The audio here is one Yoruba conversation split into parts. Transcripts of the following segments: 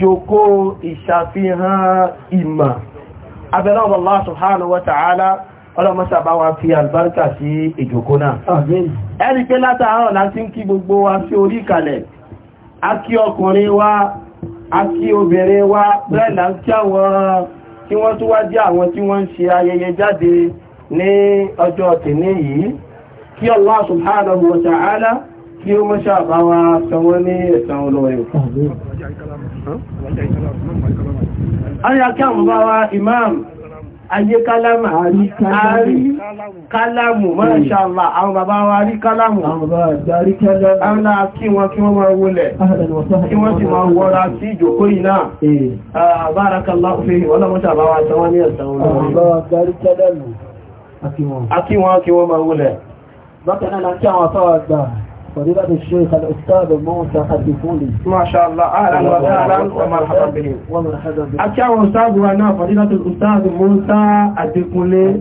joko ìṣàfihàn ìmọ̀ abẹ́lọ́wọ́ Allah subhanahu wa ta'ala ọlọ́mọ́sà bá wa fi àlùbáríkà sí ìjòkó náà ẹni pé látàárọ̀ láti ń kí gbogbo wa sí orí kalẹ̀ a kí ọkùnrin wa a kí obìnrin wa brenda kí àwọn tí wọ́n wá jẹ́ àwọn tí wọ́n ṣe ayẹyẹ jáde ní ọjọ́ yìí kí kí ó mọ́ ṣàbá wa san ní ẹ̀san olóyìn. Ayá kí bá wa imam ayé kálámù àrí kálámù masha Allah àwọn bàbá wa rí kálámù àwọn kí wọn kí wọ́n máa wọlẹ̀ kí wọ́n sì máa wọ́ra sí ìjòkó yìí eh. ah, bá فضيلة الشيخ الأستاذ موسى الدفولي ما شاء الله أهلا وسهلا ومرحبا به ومرحبا به أكاو أستاذ وانا فضيلة الأستاذ موسى الدفولي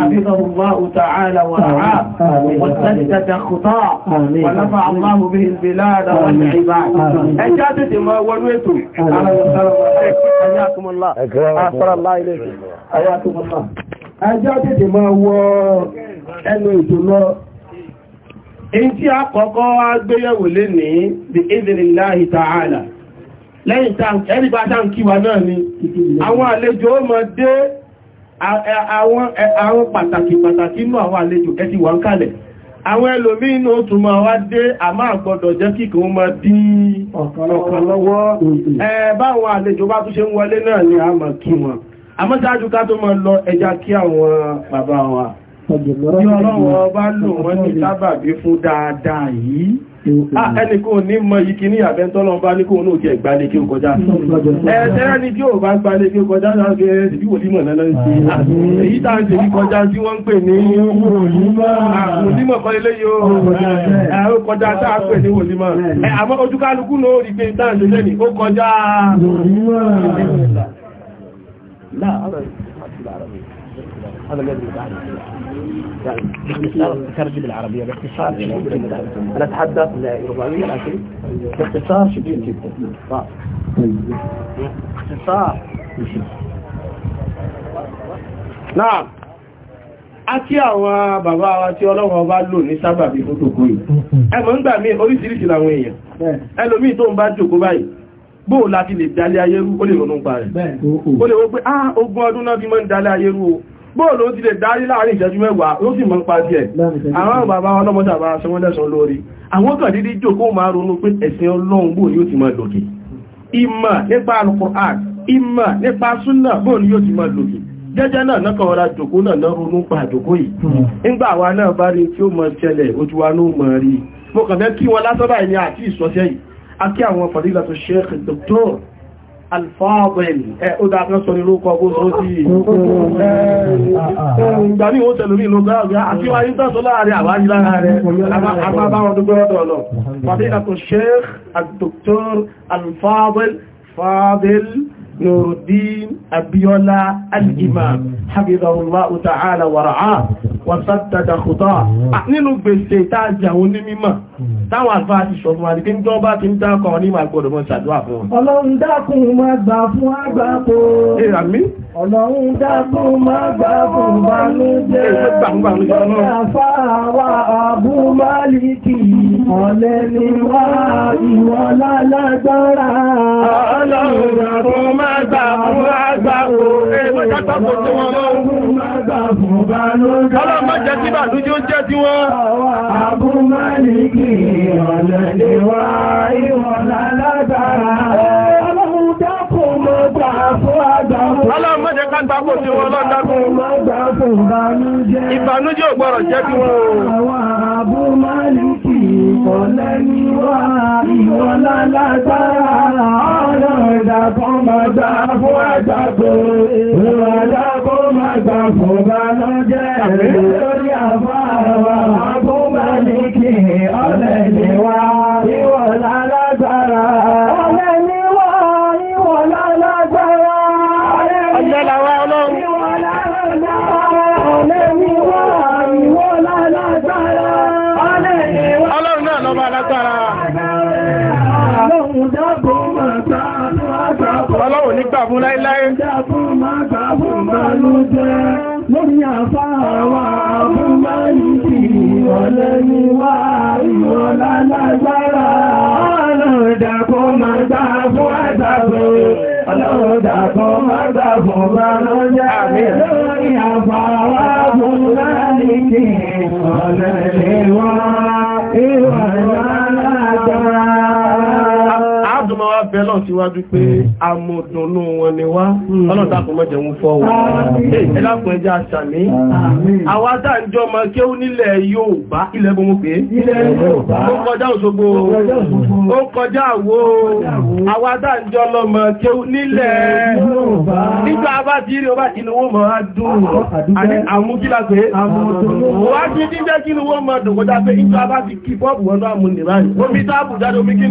حفظه الله تعالى ورعاه وسدد خطاه ونفع الله به البلاد والعباد أجادت ما ولويتم أهلا وسهلا حياكم الله أحسن الله إليكم حياكم الله أجادت ما هو أنه in tí a kọ́kọ́ wá gbéyẹ̀wò lè ní bí ìdìrìláhì tààlà lẹ́yìn ẹnìbá tán kíwà náà ni àwọn àlejò mọ́ dé àwọn pàtàkì pàtàkì inú àwọn àlejò ẹti wà ń kalẹ̀ àwọn ẹlòmí inú wá dé máa gbọdọ̀ jẹ́ dí Bí ọlọ́wọ́ bá lò wọ́n ní sábàbí fún dáadáa yìí, ah, ẹni kò ní mọ yìí kí ní àbẹ́ntọ́lọ́ bá ní kò ní òkè ìgbàlé kí ó kọjá. Ẹ̀ẹ́sẹ́ ní tí ó bá gbàlé kí ó kọjá láàrín ẹ̀ẹ́sì bí wò ní mọ̀ náà sí. Ah, èyí tàà ń ṣe ní kọjá tí wọ́n ń pè ní onímọ̀ ah, kọ́ ilé yóò kọjá tàà pè ní onímọ̀. Eh, àmọ́ ojú kálukú náà rí pé tàà ń ṣe lẹ́ni باختصار ترجم العربية باختصار شديد جدا أنا أتحدث لربعية لكن باختصار شديد جدا باختصار نعم àti àwọn bàbá wa tí ọlọ́wọ́ bá lò ní sábàbí fótókó yìí ẹmọ̀ ń gbà mí oríṣiríṣi làwọn èèyàn ẹlòmí tó ń bá jòkó báyìí bóò láti lè dalẹ̀ ayérú ó lè ronú pa rẹ̀ ó lè wó pé ah ogún ọdún náà fi mọ́ ń dalẹ̀ ayérú bóòlù ó ti lè darí láàrin ìṣẹ́jú mẹ́wàá ló sì mọ́ ń pa díẹ̀ àwọn bàbá ọlọ́mọdé àbá aṣọ wọ́n lẹ́sàn lórí àwọn kan dídí jókòó máa ronú pé ẹ̀sìn ọlọ́run bóò yóò ti máa lòkè ìmọ̀ nípa Al-Qur'an ìmọ̀ nípa súnà bóò yóò ti máa lòkè jẹ́jẹ́ náà náà kọ̀ọ̀rá jòkó náà náà ronú pa jòkó yìí hmm. nígbà wa náà bá rí tí ó mọ̀ ṣẹlẹ̀ ojú wa náà mọ̀ rí mo kàn fẹ́ kí wọn lásọ́bà ẹni àti ìsọ́sẹ́ yìí a kí àwọn fàdílà tó Sheikh Dr alfáàbẹ̀lì ó dáadọ́ sọ nílò kọ bó sọ sí ìgbà ní oúnjẹ lórí ìlú gbáàgbà àti wáyé tọ́sọ láàrin àwájí láàrin àbábáwọn al-Dr. alfáàbẹ̀lì Nuruddin Abiola Al-Imam, Habibahullahu Ta'ala wa ra'ah, wa saddada khuta. Ah, nínú gbèsè táàjà òun ní mímọ̀, táwọn àfáà ti sọ fún wa ní kí ń tọ́ bá ti ń dákọ̀ ní màgbọ́dọ̀ mọ́ ṣàdúrà fún wọn. Ọlọ́run dákùn máa gbà fún àgbà kò. Èràmí. Eh, Ọlọ́run dákun má gbàgùn bánújẹ́. Ó yà fáwa àbú málìkì. Ọ̀lẹ́ ni wá ìwọ lálágbára. Ọlọ́run dákun má gbàgùn àgbàgùn. Èèwọ̀ dákàkò tí wọ́n mọ́. Ọlọ́run má gbàgùn bánújẹ́. Ọlọ́run má jẹ́ tí bàdújẹ́ ó jẹ́ tí wọ́n. Àbú málìkì. Ọ̀lẹ́ ni wá ìwọ lálágbára. Ọlọ́run mọ́ jẹ́ ká gbápò tí wọ́n lọ dákún. Ìbànújẹ́ ò gbọ́rọ̀ jẹ́ kí wọ́n o. Àwọn àbú máa ní kí wá ìwọ̀lá lágbára. Ọlẹ́ Ọlọ́run nígbà fún láíláí. Lórí àfáàwà fún máyìí ìwọ̀lẹ́ ni wá ìwọ̀lá lágbára. Ọlọ́run dàkọ́ máa gbà fún àtàkù. Ọlọ́run dàkọ́ máa gbà fún bá Lórí àfáàwà fún máyìí ìwọ̀lẹ́ ni wá ìwọ̀lá lágbára bẹ́lọ̀ síwájú pé hmm. amòdùnú wọn ni wá hmm. ọlọ́dàkùn mọ́jẹ̀ ń fọ́ wọn ẹlọ́pùn ẹjá sàmí àwọn adájọ́ ma kí ó nílẹ̀ Yorùbá ilẹ̀ bó mú pé ó kọjá Òṣogbo ó kọjá àwó àwọn adájọ́ lọ ma kí ó nílẹ̀ nígbà bá ti rí ọba kí ni wọ́n mọ̀ kí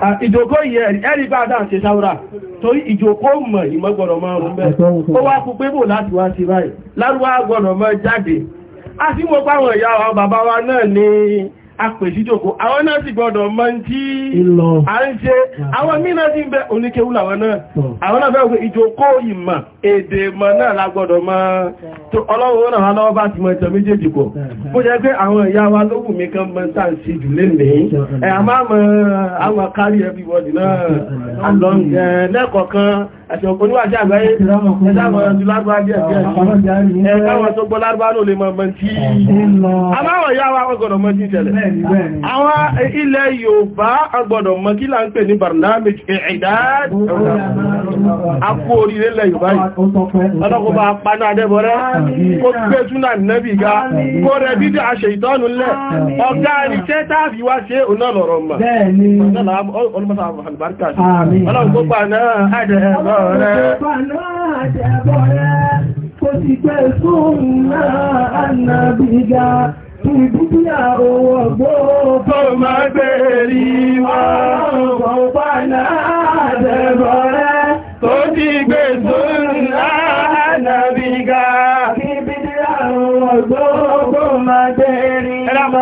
Ah, ìjòkó yẹ ẹ̀rí bá dáa ṣe sáwúrà torí ìjòkó mọ̀ ìmọ́gbọ̀rọ̀ mọ́ ọ̀rún bẹ́ẹ̀ ó wá kú pé bò láti wá sí báyìí lárúwá gbọ̀rọ̀ mọ́ jáde a sì mọ́ páwọn ìyá wa bàbá wa náà ni apèsíjòkó àwọn náà sì gbọ́dọ̀ mọ́ tí a ń ṣe àwọn mínà sí bẹ́ oníkéwúlà wọn náà àwọn náà bẹ́ẹ̀ ìjòkó ìmọ̀ èdè mọ̀ náà lágbọ́dọ̀ mọ́ tó ọlọ́wọ́ náà lọ́wọ́ bá ti mọ̀ ìtọ̀ méjèèjì pọ̀ bó jẹ́ pé àwọn ìyá wa lókùn kan mọ́ everybody náà àlọ́ lẹ́kọ̀ọ̀kan àti oníwàjá àgbáyé ẹ̀dáwọn tó gbọ́ lárúbá ló lè mọ̀ mọ̀ tí a máa wọ̀ ìyá wa wọ́n àwọn e, ilẹ̀ Yorùbá agbọ́dọ̀ mọ̀ kí là ń pè ní barnamij ìdáàdì akú oríire ilẹ̀ Yorùbá yìí ọlọ́kọ̀ bá paná adẹ́bọ̀rẹ́ kó gbé túnà nẹ́bì ga kó rẹ̀ dídí àṣẹ ìtọ́nù lẹ̀ ọ̀gá rí tẹ́ tàbí wá ṣe ọ̀nà lọ̀rọ̀ mọ̀ Kò sì pẹ́ fún náà ànàbìgá ti dúdúyà owó ọgbọ́ tó máa bèèrè wọ́n ọgbọ̀n pàdà àdẹ̀bọ̀ rẹ̀ tó ti gbé sórí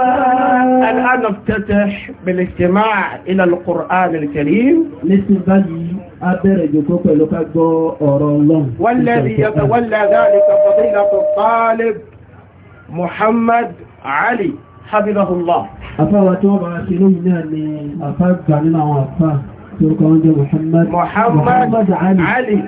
الآن نفتتح بالاستماع إلى القرآن الكريم والذي يتولى ذلك فضيلة الطالب محمد علي حفظه الله محمد علي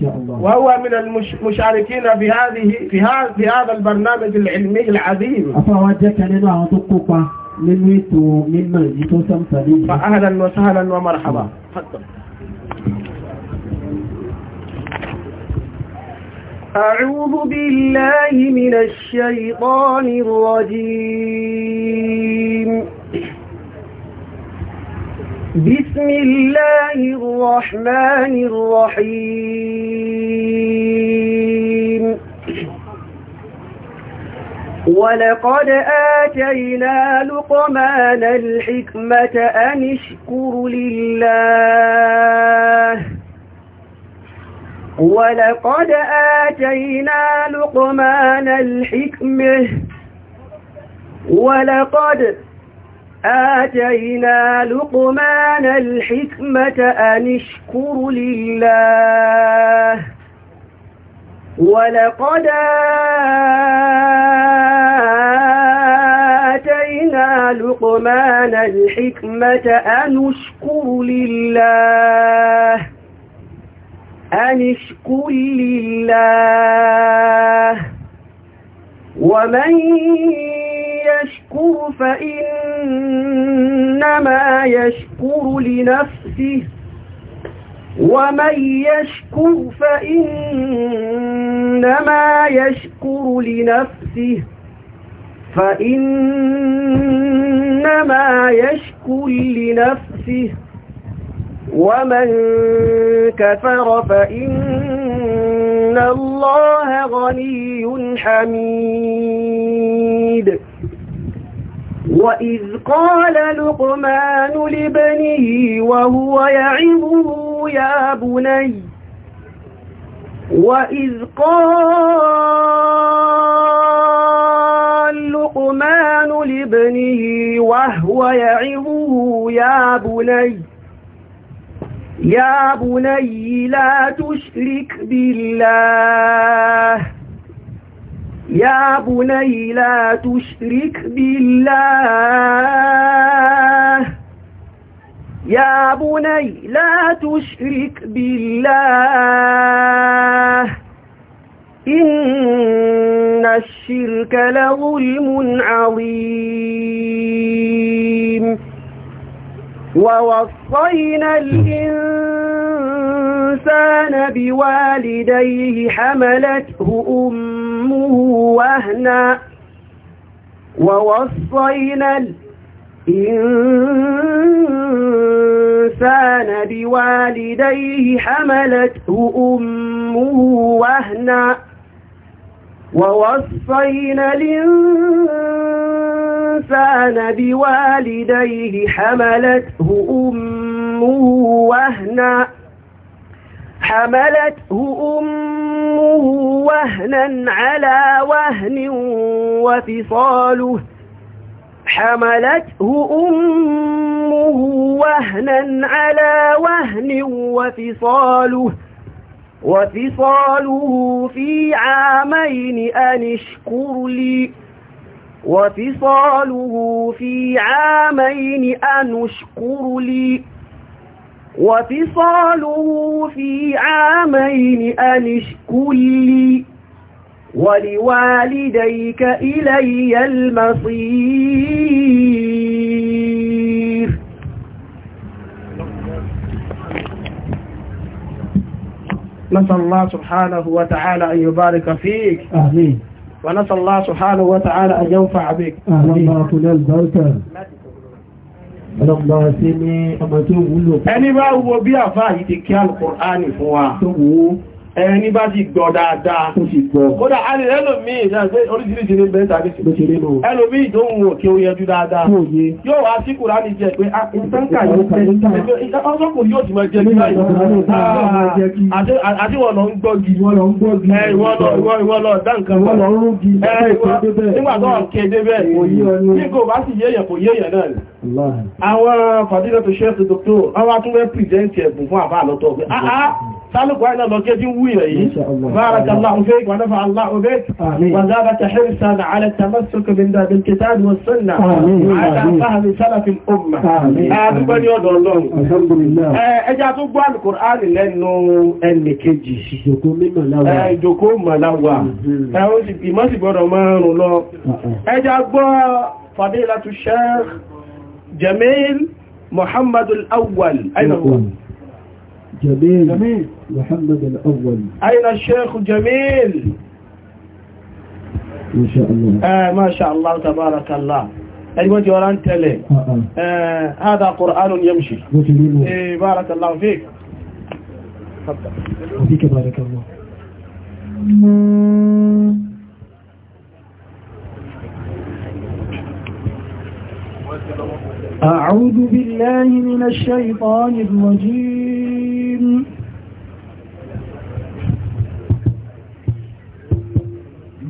شاء الله وهو من المشاركين في هذه في هذا في هذا البرنامج العلمي العظيم أفوجك لنا نعم، دقوقة من ويتو من مجيتو فأهلا وسهلا ومرحبا أعوذ بالله من الشيطان الرجيم بسم الله الرحمن الرحيم ولقد آتينا لقمان الحكمة أن اشكر لله ولقد آتينا لقمان الحكمة ولقد آتينا آتينا لقمان الحكمة أن اشكر لله ولقد آتينا لقمان الحكمة أن اشكر لله أن اشكر لله ومن يشكر فإنما يشكر لنفسه ومن يشكر فإنما يشكر لنفسه فإنما يشكر لنفسه ومن كفر فإن الله غني حميد وإذ قال لقمان لبنيه وهو يعظه يا بني وإذ قال لقمان لابنه وهو يعظه يا بني يا بني لا تشرك بالله يا بني لا تشرك بالله يا بني لا تشرك بالله إن الشرك لظلم عظيم ووصينا الإنسان بوالديه حملته أمه وهنا ووصينا الإنسان بوالديه حملته أمه وهنا ووصينا الإنسان الإنسان بوالديه حملته أمه وهنا حملته أمه وهنا على وهن وفصاله حملته أمه وهنا على وهن وفصاله وفصاله في عامين أن اشكر لي وفصاله في عامين أنشكر لي وفصاله في عامين أن لي ولوالديك إلي المصير نسأل الله سبحانه وتعالى أن يبارك فيك آمين ونسأل الله سبحانه وتعالى أن ينفع بك أهلا كل البركة Ọlọ́pàá sí ní ọmọ tó wúlò. Ẹni bá wo bí àfáà yìí ti kí alùkùránì fún wa. Tó wúwo ẹni bá ti gbọ́ dáadáa kódà alì ẹlòmí ìdáṣẹ́ oríṣìíríṣìí ní bẹ́ẹ̀ tàbí ẹlòmí ìdóhun òkè ó yẹjú dáadáa yóò wá sí kùrá ní jẹ pé ìtànkà ah, yóò tẹ́ ọkùnrin yóò ti mọ́ jẹ́ ah, àti wọ́n lọ ń gbọ́gi wọ́n lọ ń gbọ́gi ìwọ́n eh, lọ dáǹkan eh, wọ́n lọ ń rúgi nígbà tó wọ́n kéde bẹ́ẹ̀ ní kò bá sì yéèyàn kò yéèyàn náà ni àwọn fàdílẹ̀ tó ṣe é tó tó àwọn atúnwẹ́ pìrìsẹ́ntì ẹ̀bùn fún àbá àlọ́tọ̀ pé ah, تعلق وإلى الله جدوية بارك الله فيك ونفع الله بك وذابت حرصا على التمسك الكتاب والسنة على فهم سلف الأمة أدوبني يدو الله الحمد لله ẹjá tó gbọ́ alùkùránì lẹ́nu ẹnì kejì ìjòkó mọ̀láwà ẹ̀hùn ìmọ́sì gbọ́dọ̀ márùn lọ ẹjá gbọ́ fadilatu Sheikh Jamil Muhammadul Awwal جميل, جميل محمد الأول أين الشيخ جميل ما شاء الله آه ما شاء الله تبارك الله الوجه ولا أنت آه آه. آه هذا قرآن يمشي إيه بارك الله فيك تفضل وفيك بارك الله Thank you. أعوذ بالله من الشيطان الرجيم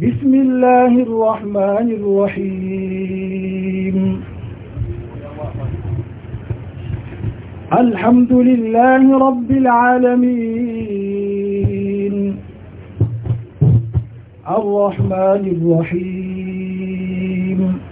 بسم الله الرحمن الرحيم الحمد لله رب العالمين الرحمن الرحيم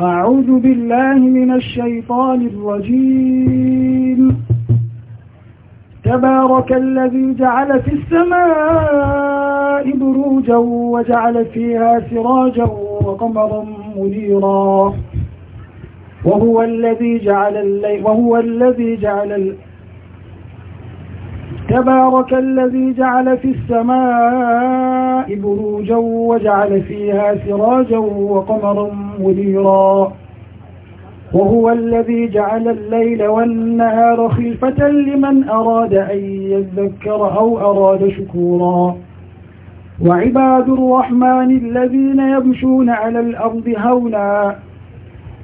أعوذ بالله من الشيطان الرجيم تبارك الذي جعل في السماء بروجا وجعل فيها سراجا وقمرا منيرا وهو الذي جعل الليل وهو الذي جعل الليل تبارك الذي جعل في السماء بروجا وجعل فيها سراجا وقمرا منيرا وهو الذي جعل الليل والنهار خلفة لمن أراد أن يذكر أو أراد شكورا وعباد الرحمن الذين يمشون على الأرض هونا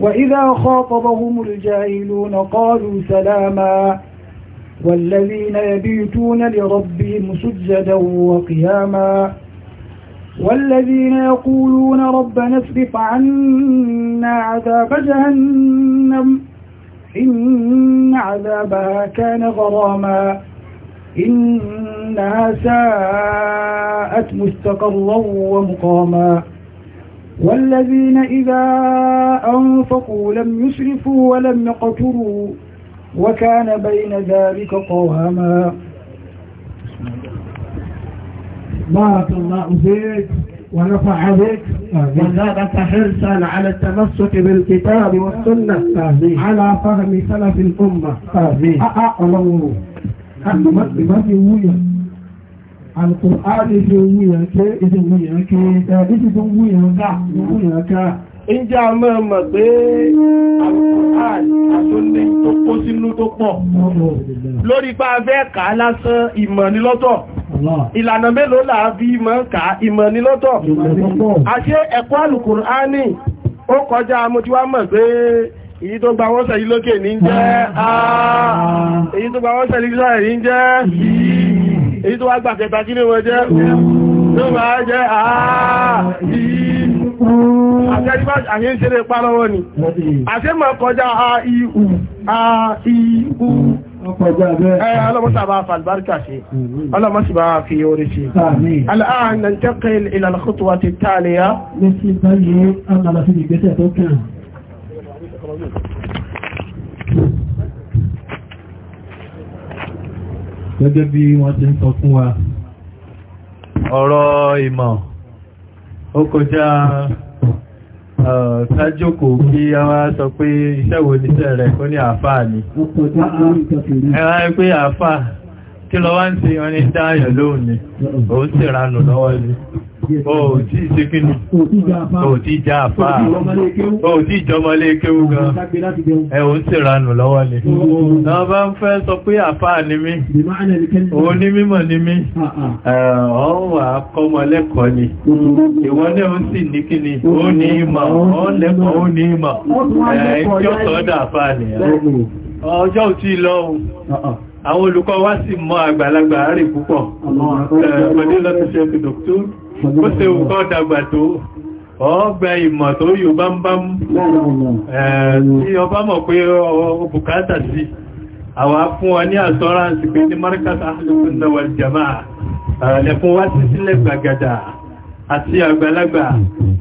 وإذا خاطبهم الجاهلون قالوا سلاما والذين يبيتون لربهم سجدا وقياما والذين يقولون ربنا اصرف عنا عذاب جهنم إن عذابها كان غراما إنها ساءت مستقرا ومقاما والذين إذا أنفقوا لم يسرفوا ولم يقتروا وكان بين ذلك قواما بارك الله فيك ونفع بك وزادك حرصا على التمسك بالكتاب والسنة على فهم سلف الأمة آه، آه، آه، الله في ويا القرآن في ويا كي إذن ويا كي إذن ويا كا ويا ìjẹ́ a máa mọ̀ pé àtúnlé tó kó sínú tó pọ̀ lórí pa abẹ́ kà á lásán ìmọ̀ ní lọ́tọ̀ ìlànà mélòó làábí ìmọ̀ kà ìmọ̀ ní lọ́tọ̀ àṣé ẹ̀kọ́ Al-Kùránì ó kọjá mo ti wá mọ̀ pé èyí tó gba wọ́n sẹ̀lú lókè ní jẹ́ èyí tó gba wọ́n sẹ̀lú lókè ní jẹ́ èyí Àṣẹ́ ìṣẹ́lẹ̀ pálọ́wọ́ ni. Àṣẹ́ mọ̀ kọjá a-i-u, a-i-u. اللهم سبع البركة شيء اللهم سبع في يوري شيء الآن ننتقل إلى الخطوة التالية gẹ́gẹ́ bí wọ́n ti ń sọ fún wa ọ̀rọ̀ ìmọ̀ ó kọjá sájókòó kí a wá sọ pé iṣẹ́ wo níṣẹ́ rẹ̀ kó ní àáfàá ni ẹ̀rọ pé àáfàá kí lọ wá ń ṣe wọn ní dáyọ̀ lóhùn òun sì ranù lọ́wọ́ ni òtí ṣe kí ni òtí já àfá òtí ìjọmọlé kéwú gan ẹ̀wọ̀ ń ṣèranù lọ́wọ́ ni náà bá ń fẹ́ sọ pé àfá ni mí òun ní mímọ̀ ni mí ọ̀wà kọmọ lẹ́kọ̀ọ́ ni ìwọ́n náà ń sì ní kí ni ó ní ìmọ̀ ó lẹ́kọ̀ọ́ ó ní ìmọ̀ ẹ̀ tí ó sọ́dọ̀ àfá ni ọjọ́ òtí lọ́hùn àwọn olùkọ́ wá sì mọ́ àgbàlagbà rẹ̀ púpọ̀. Ọmọdé lọ́tún ṣe fi dọ̀kítọ́ ó ṣe òkọ́ dàgbà tó ọgbà ìmọ̀ tó yóò bá ń bá mú tí ọba mọ̀ pé ọbùkátà sí àwọn fún ọ ní assurance pé ní markas ahlùkún náà wal jamaa lẹ́fún wá sí sílẹ̀ gbàgàdà àti àgbàlagbà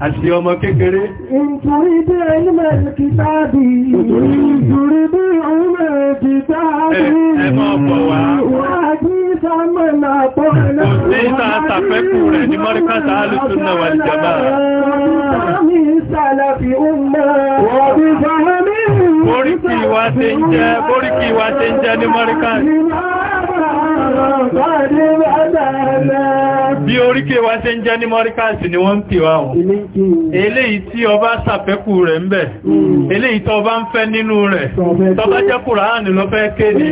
àti ọmọ kékeré. Nítorí bí ẹni mẹ́rin kìtàbí, nítorí bí òun mẹ́rin kìtàbí, ẹmọ ọ̀pọ̀ wá. Wà ní ìsàmọ̀ náà pọ̀ náà. Kò sí ìtàtàfẹ́kù rẹ̀ ní mọ́ríkàtà alùsùnà wa ti ń jẹ́ ní mọ́ríkàtà. Bí oríkè wa ṣe ń jẹ́ ní Mọ́ríkàsì ni wọ́n ń pè wá wọn. Eléyìí tí ọba sàfẹ́kù rẹ̀ ń bẹ̀. Hmm. Eléyìí tó bá ń fẹ́ nínú rẹ̀. Tọ́bá jẹ́ Kùránì lọ fẹ́ kéde.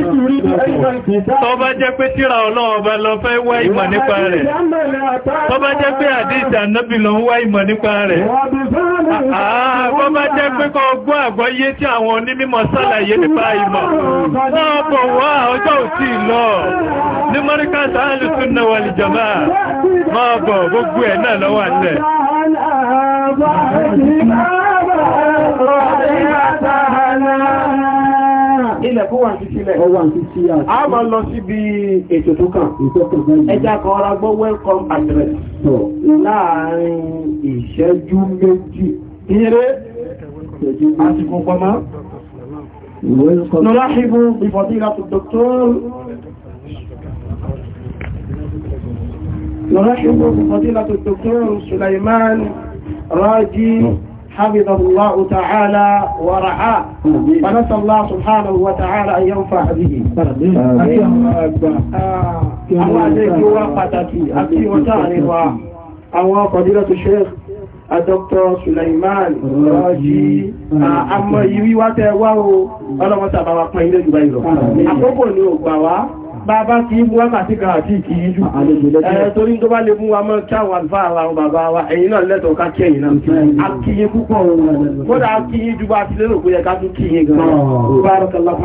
Tọ́bá jẹ́ pé tíra ọlọ́ọba lọ fẹ́ wá ìmọ̀ nípa rẹ̀. Tọ́bá jẹ́ pé àdíjà lọ ń wá ìmọ̀ nípa rẹ̀. ní mọ́ríkàtà alìsúnnà wà lè máa bọ̀ gbogbo ẹ̀ náà lọ́wọ́ àtẹ́ ilẹ̀ kó sílẹ̀. ọwà ní sí à. a máa lọ síbi ètò tó kàn ìtọ́kùn báyìí. kan ọ̀rọ̀ gbọ́ welcome address. láàárín ìṣẹ́jú méjì. ìyẹrẹ àsìkò pamọ́. welcome. nọlá ṣígun ìfọ̀dí ìlàtọ̀ dr. نرحب بفضيلة الدكتور سليمان راجي حفظه الله تعالى ورعاه فنسأل الله سبحانه وتعالى أن ينفع به àwọn àlejò wa pàtàkì àti ìwọ̀tàrí wa àwọn fadilatu sheikh Dr. Sulaiman Raji àmọ̀ ìwíwá tẹ́ wá o ọlọ́mọ́ta bá wa pọ̀ ilé jùlọ ìlọ àkókò ní ògbà wá bàbá ti mú wákàtí kan àti ìkìyí jù torí tó bá lè mú wa mọ́ káwọn alfa àwọn bàbá wa ẹ̀yin náà lẹ́tọ̀ ká kí náà akíyí púpọ̀ kódà akíyí jù bá ti lérò kó ká tún kíyí gan barakallahu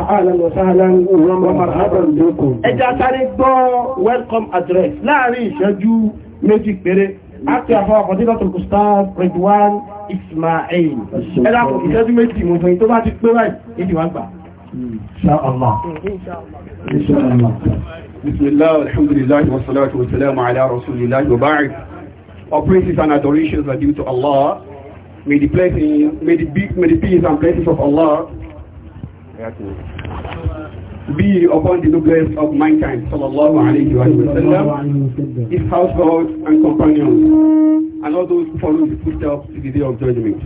welcome address láàrin ìṣẹ́jú méjì péré láti àwọn àkọ̀dínà tó kùstáà Ridwan Ismail ẹ̀dàkùn ìṣẹ́jú méjì mú tó bá ti pé báyìí ìdíwàgbà Insha Allah. بسم الله wa salatu wa salamu ala rasulillah wa ba'id. All praises and adorations are due to Allah. May the blessing, may the, be, may the peace and blessings of Allah be upon the noblest of mankind, sallallahu alayhi wa sallam, his household and companions, and all those who follow the footsteps to the day of judgment.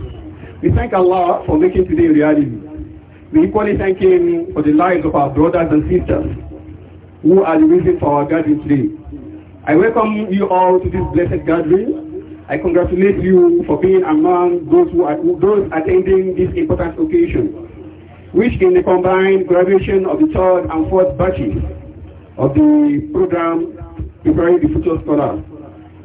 We thank Allah for making today reality. We equally thank him for the lives of our brothers and sisters who are the reason for our gathering today. I welcome you all to this blessed gathering. I congratulate you for being among those who are those attending this important occasion, which in the combined graduation of the third and fourth batches of the program preparing the future scholars.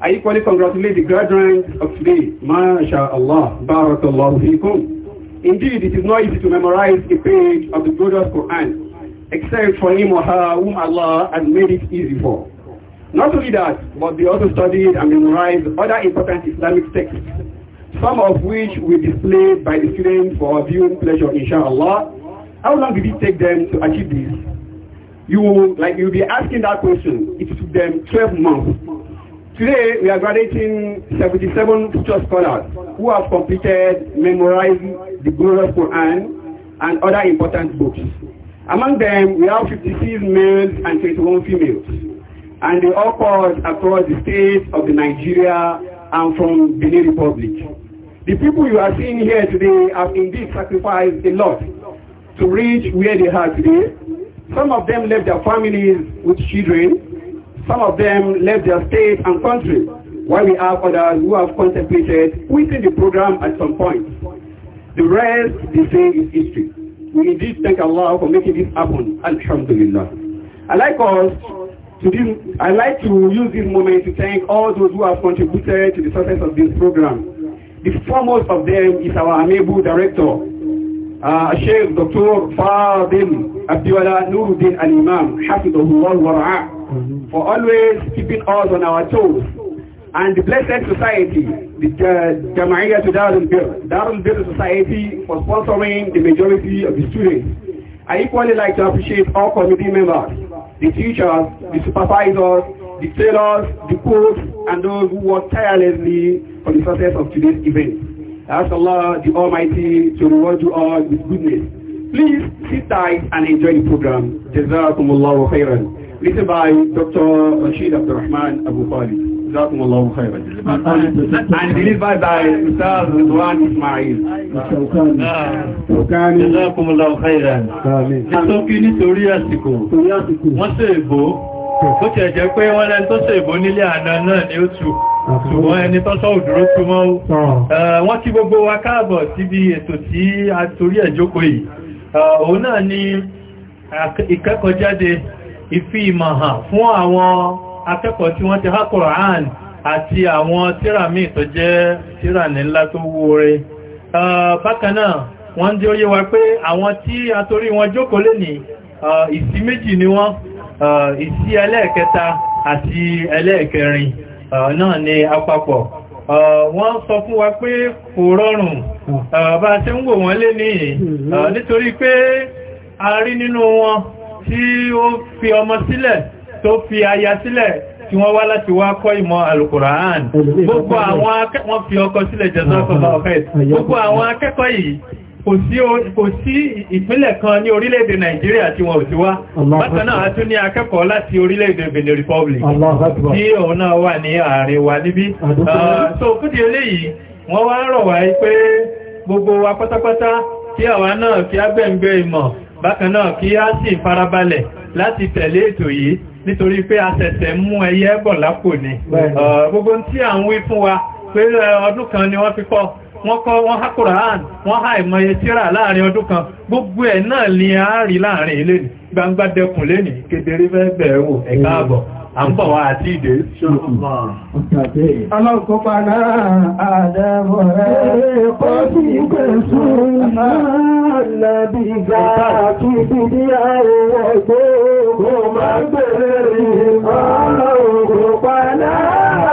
I equally congratulate the graduates of today. MashaAllah, Barakallahu Fikum. Indeed, it is not easy to memorize a page of the glorious Quran, except for him or her whom Allah has made it easy for. Not only that, but they also studied and memorized other important Islamic texts, some of which were displayed by the students for viewing pleasure, inshallah. How long did it take them to achieve this? You, like, you will be asking that question. It took them 12 months Today, we are graduating 77 future scholars who have completed memorizing the glorious Quran and other important books. Among them, we have 56 males and 21 females, and they all called across the states of the Nigeria and from Benin Republic. The people you are seeing here today have indeed sacrificed a lot to reach where they are today. Some of them left their families with children, Some of them left their state and country, while we have others who have contemplated quitting the program at some point. The rest, the same is history. We indeed thank Allah for making this happen. Alhamdulillah. I like us to this, I like to use this moment to thank all those who have contributed to the success of this program. The foremost of them is our amiable director, uh, Sheikh Dr. Fadil Abdiwala Nuruddin Al-Imam, Hafidahullah Wara'ah for always keeping us on our toes. And the Blessed Society, the uh, Jamaiya to Darul Bir, Darul Bill Society for sponsoring the majority of the students. I equally like to appreciate all committee members, the teachers, the supervisors, the tailors, the cooks, and those who work tirelessly for the success of today's event. I ask Allah the Almighty to reward you all with goodness. Please sit tight and enjoy the program. Jazakumullahu khairan written by Dr. Rashid Abdurrahman Abu Khalid. Jazakumullahu khairan. And delivered by Mr. Ridwan Ismail. Ṣaukani. Jazakumullahu khairan. Ìtọ́kí nítorí àsìkò. Wọ́n ṣe ìbò. Ó tẹ̀ jẹ́ pé wọ́n lẹ́n tó ṣe ìbò nílé àná náà ni ó tu. Ṣùgbọ́n ẹni tó sọ òdúró tó mọ́. Wọ́n kí gbogbo wa káàbọ̀ síbi ètò tí a torí ẹ̀ jókòó yìí. Òun náà ni ìkẹ́kọ̀ọ́ jáde ìfi ìmọ̀ hàn fún àwọn akẹ́kọ̀ọ́ tí wọ́n ti há Kùránì àti àwọn tíra míì tó jẹ́ tíra nílá tó wúore bákan náà wọ́n jẹ́ oyé wa pé àwọn tí a torí wọn jókòó lè ní ìsí méjì ni wọ́n ìsí ẹlẹ́ẹ̀kẹta àti ẹlẹ́ẹ̀kẹrin náà ni àpapọ̀ wọ́n sọ fún wa pé kò rọrùn bá a ṣe ń wò wọ́n lé ní nítorí pé a rí nínú wọn tí ó fi ọmọ sílẹ̀ tó fi aya sílẹ̀ tí wọ́n wá láti wá kọ́ ìmọ̀ alukùrán gbogbo àwọn akẹ́kọ̀ọ́ fi ọkọ sílẹ̀ jẹ́sọ́kọ̀ọ́ ọ̀fẹ́ gbogbo àwọn akẹ́kọ̀ọ́ yìí kò sí ìpínlẹ̀ kan ní orílẹ̀-èdè Nàìjíríà tí wọ́n ò ti wá bákan náà a tún ní akẹ́kọ̀ọ́ láti orílẹ̀-èdè Benin Republic tí òun náà wà ní ààrin wa níbí ah, so fúdí eléyìí wọ́n wá rọ̀ wá pé gbogbo wa pátápátá kí àwa náà kí á gbẹ̀ǹgbẹ̀ ìmọ̀ bákan náà kí a sì farabalẹ̀ láti tẹ̀lé ètò yìí nítorí pé a ṣẹ̀ṣẹ̀ mú ẹyẹ bọ̀ lápò ni gbogbo tí à ń wí fún wa pé ọdún kan ni wọ́n fi kọ́ wọ́n kọ́ wọ́n há Kùránì wọ́n há ìmọye tírà láàrin ọdún kan gbogbo ẹ̀ náà ni a rí láàrin ilé gbangba dẹkùn lénìí kedere fẹ́ bẹ̀ẹ́ wò ẹ̀ka àbọ̀ àpọ̀wà àti ìdè ọlọ́kọ̀ọ́pá náà àdẹ́bọ̀ rẹ̀ pọ̀ sí ìgbẹ̀sù lábí ga kí bí ní àwọ̀ ẹgbẹ́ ó máa gbẹ̀rẹ̀ rí ọlọ́kọ̀ọ́pá náà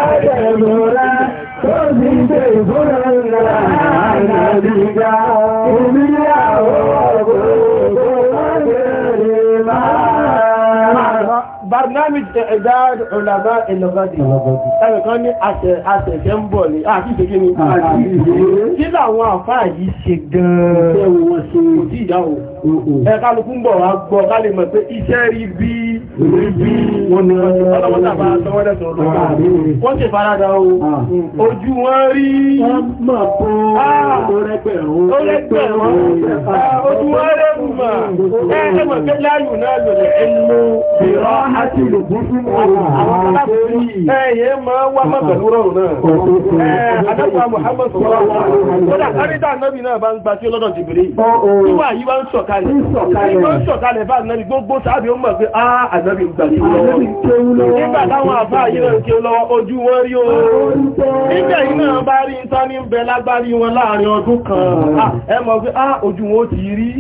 àdẹ́bọ̀ rẹ̀ pọ̀ sí ìgbẹ̀sù lábí ga kí bí ní àwọ̀ برنامج تعداد علماء الغد ẹnìkan ní àṣẹ̀ṣẹ̀ ń bọ̀ ní àṣìṣe kí ni ah, ah, kí làwọn àfáà yìí ṣe gan-an wọn ṣe òjì ẹ̀kálukú ń bọ̀ wá gbọ́ ká lè mọ̀ pé iṣẹ́ rí bí Ẹ̀yẹ máa wá mọ́bẹ̀lú rọrùn náà. Àdápàá Mùhammad sọ́rọ̀ wọ́n dà kárídà náàbì náà bá ń gbà tí ó lọ́dọ̀ jìbìrí. Ìwà yìí wá ń sọ̀kalẹ̀. Ìwà ń sọ̀kalẹ̀ bá ànábì gbogbo sáàbì ó mọ̀ pé áà ànábì ń gbà tí ó lọ́wọ́. Nígbà táwọn àbá yìí náà kí ó lọ́wọ́ ojú wọn rí o. Nígbà yìí náà bá rí ìta ní bẹ lágbárí wọn láàrin ọdún kan. Ẹ mọ̀ pé áà ojú wọn ó ti rí.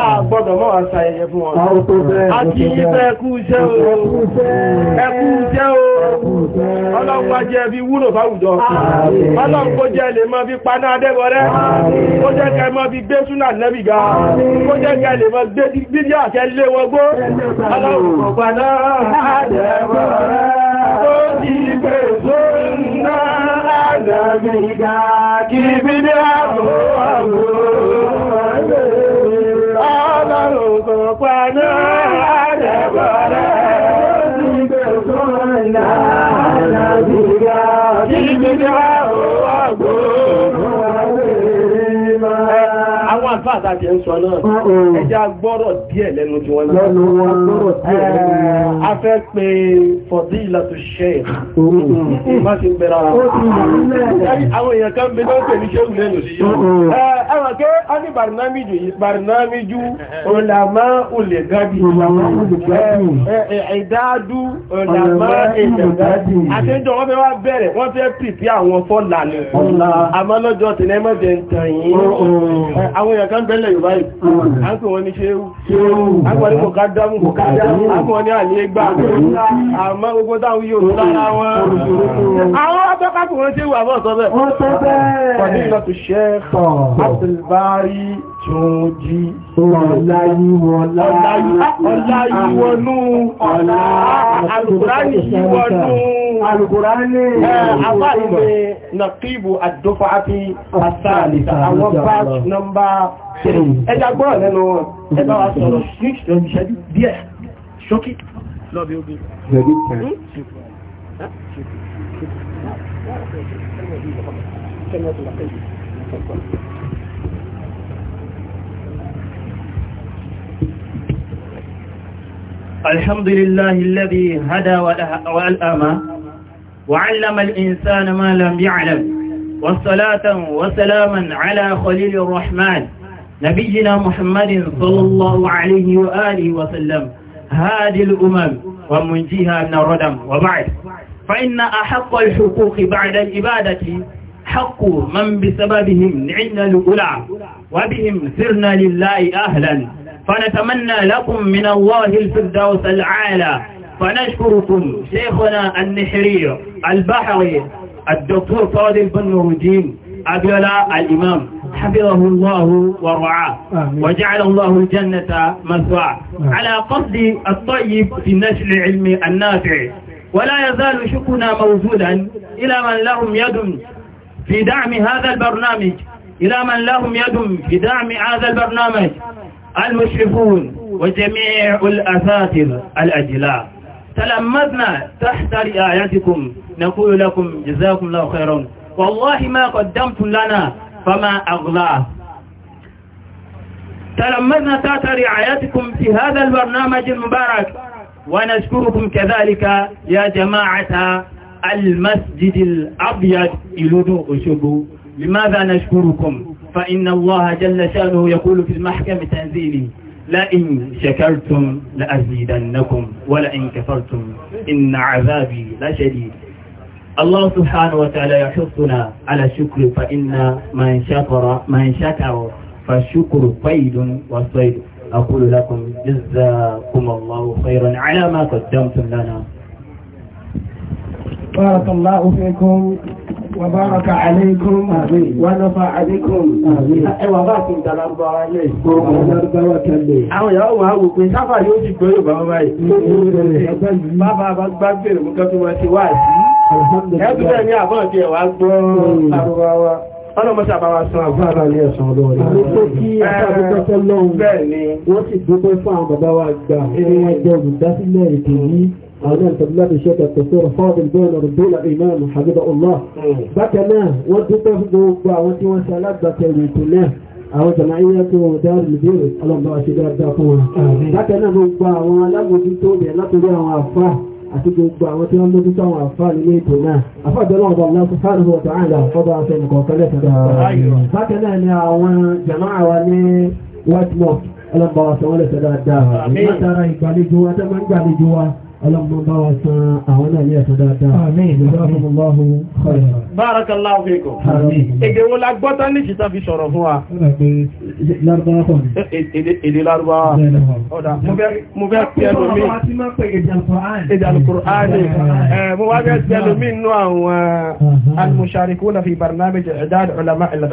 Àà gbọ́dọ̀ mọ́ àṣà ẹ̀yẹ fún wọn. Àti ìfẹ́ kú iṣẹ́ o. ẹkú jẹ́ o ọlọ́run wá jẹ́ bí wúlò fáwùjọ ọlọ́run kó jẹ́ lè mọ́ bí paná adẹ́bọ̀rẹ́ kó jẹ́ kẹ mọ́ bí gbé súnà nẹ́bì ga kó jẹ́ kẹ lè mọ́ gbé dídí àkẹ́ gbé súnà náà nàìjíríà kí ìgbìyànjú àwọn àgbò àwọn àfáà láti ẹ̀ ń sọ náà ẹjá gbọ́rọ̀ díẹ̀ lẹ́nu tí wọ́n náà a fẹ́ pé fọ̀dí ìlàtò ṣẹ́ má ti bẹ̀rẹ̀ àwọn èèyàn kan bí lọ́pẹ̀ ní ṣe lẹ́nu sí ẹwà pé a ní barnamiju yìí barnamiju olàmá olè gadi ìdádú olàmá ilẹ̀ èèyàn kan bẹ́lẹ̀ Yorùbá yìí a ń pè wọn ní ṣéhù agbọ́n ní kò ká dámù agbọ́n ní àní ẹgbà àmọ́ gbogbo táwọn yóò lára wọn àwọn abẹ́kápù wọn ṣéhù àbọ̀ sọ́bẹ̀ fọ̀dílọ́tù ṣẹ́ẹ̀kọ̀ Abdulbari Túnjí ọláyíwọlá ọláyíwọnú ah, ah. ọlá alùkùránì yíwọnú alùkùránì àbáyé nàkíbù àdófà àti àsáàlìsà àwọn batch number الحمد لله الذي هدى والأمى وعلم الإنسان ما لم يعلم والصلاة وسلاما على خليل الرحمن نبينا محمد صلى الله عليه وآله وسلم هذه الأمم ومنجيها من الردم وبعد فإن أحق الحقوق بعد الإبادة حق من بسببهم نعنا الأولى وبهم سرنا لله أهلا فنتمنى لكم من الله الفردوس العالى فنشكركم شيخنا النحري البحري الدكتور فاضل بن نورجين أبيلا الإمام حفظه الله ورعاه وجعل الله الجنة مثوى على قصد الطيب في نشر العلم النافع ولا يزال شكرنا موجودا إلى من لهم يد في دعم هذا البرنامج إلى من لهم يد في دعم هذا البرنامج المشرفون وجميع الأساتذة الأجلاء تلمذنا تحت رعايتكم نقول لكم جزاكم الله خيرا والله ما قدمتم لنا فما أغلاه تلمذنا تات رعايتكم في هذا البرنامج المبارك ونشكركم كذلك يا جماعة المسجد الأبيض إلوذو أشبو لماذا نشكركم فإن الله جل شأنه يقول في المحكم تنزيله لئن شكرتم لأزيدنكم ولئن كفرتم إن عذابي لشديد الله سبحانه وتعالى يحثنا على الشكر فإن من شكر من شكر فالشكر صيد وصيد أقول لكم جزاكم الله خيرا على ما قدمتم لنا بارك الله فيكم وبارك عليكم ونفع بكم ẹwà bá ti ìdàlàmbà alẹ́ ìfọ́nà lárúbáwà tẹ́lẹ̀ àwọn ìyàwó wà wò pé sáfà yóò ti gbé yóò bá wọ́n báyìí bàbá bá gbá gbèrè mú kẹ́ tó wá sí wáyìí Hmm. Ọlọ́mọ́sí àbáwá san àgbára ní ẹ̀sàn ọlọ́rẹ̀. Àwọn tó kí àtàbùkọ́kọ́ lọ́wọ́ wọ́n sì gbogbo fún àwọn bàbá wa gbà ẹni wọ́n jẹ́ olùdásílẹ̀ ètò yìí أعلان تبلاد الشيخ الدكتور فاضل بين ربيل إمام حبيبه الله بكنا náà àwọn alágbòjú tó bẹ̀rẹ̀ àti gbogbo àwọn tí wọ́n lójú sáwọn àfáàlì ní ètò náà àfáàjọ́lọ́ ọ̀dọ̀ Allah subhanahu wa ta'ala ọba àfẹ́ nìkọ̀ọ̀kan lẹ́sẹ̀dára bákan náà ni àwọn jama'a wa ní white mosque ọlọ́pàá wa sọ wọ́n lẹ́sẹ̀dára dáa látara ìgbàlejò wa tẹ́ máa ń gbàlejò wa ọlọ́gbọ́n bá wa san àwọn náà ní ẹ̀sùn dáadáa. àmín ìjọdáfọ́mọ́láhù kọ́lẹ̀. bárakàláhù fíkọ̀. àmín. èdè wo la gbọ́ tán ní ìṣìta fi sọ̀rọ̀ fún wa. lárúbáwá kọ́ ni. èdè lárúbáwá. ọ̀dà mo fẹ́ pẹ́ ẹlòmí. èdè alukur'ani. mo wá fẹ́ eh, fi barnamij i'dad ulama àwọn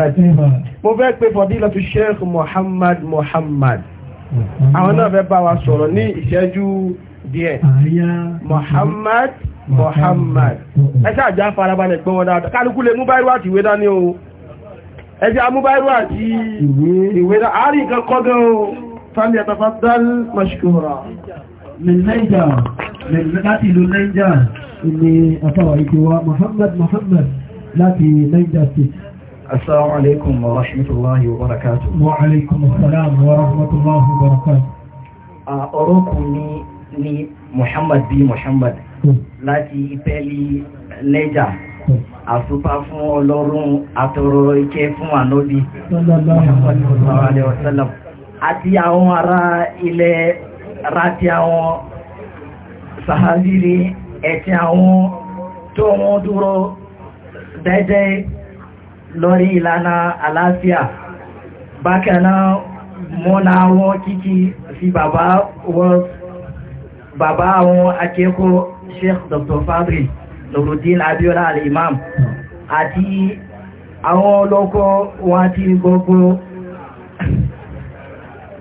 náà fẹ́ bá wa sọ̀rọ̀ ní ìṣẹ́jú díẹ̀ Muhammad Muhammad ẹṣẹ́ àjá farabalẹ̀ gbọ́n wọn dáadáa kálukú lè mú báírù àti ìwé dání o ẹjẹ́ amú báírù àti ìwé dání àárín nǹkan kọ́gán o fàmí ẹ̀tàfàdán mashkura láti ìlú Niger ilé afáwà ìpéwà Muhammad Muhammad láti Niger state Assalamu alaikum wa rahmatullahi wa barakatuh. Wa alaikum assalam wa rahmatullahi wa barakatuh. Ọ̀rọ̀ ni ni Muhammad bi Muhammad hmm. láti ìpẹ́lì lẹ́jà àsùpá fún ọlọ́run àtọrọ ìkẹ́ fún ànọ́bí sallallahu alaihi wasallam àti àwọn ará ilẹ̀ ráti àwọn sàhábìrì ẹ̀tì àwọn tó wọ́n dúró dẹ́dẹ́ lórí ìlànà àlàáfíà bákanáà mọ́nà àwọn kíkí sí bàbá wọ́n bàbá àwọn akẹ́kọ̀ọ́ Sheikh Dr. Fabri Nuruddin Abiola al-Imam àti àwọn ọlọ́kọ́ wọn àti gbogbo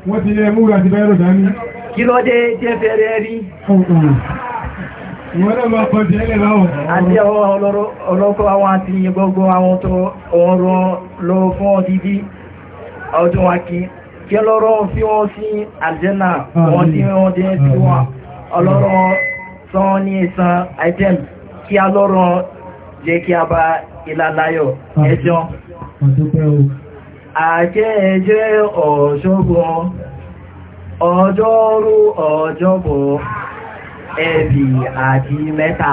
wọ́n ti lẹ́ múra ti bẹ́rọ dání kí ló dé jẹ́ fẹ́rẹ́ rí wọ́n lọ́wọ́ ọkọ̀ jẹ́ ẹlẹ́ láwọ̀ àti àwọn ọlọ́kọ́ àwọn àti gbogbo àwọn tó ọ̀rọ̀ lọ fún ọdídí ọdún wa kí kí lọ́rọ̀ fi wọ́n sí àjẹ́nà wọ́n tí wọ́n dé sí wọn ọlọ́rọ̀ san ní ìsan item kí a lọ́rọ̀ jẹ́ kí a bá ìlàláyọ̀ ẹjọ́ àjẹ́ẹ̀jẹ́ ọ̀ṣọ́gbọ́n ọjọ́rú ọjọ́bọ̀ ẹbí àti mẹ́ta.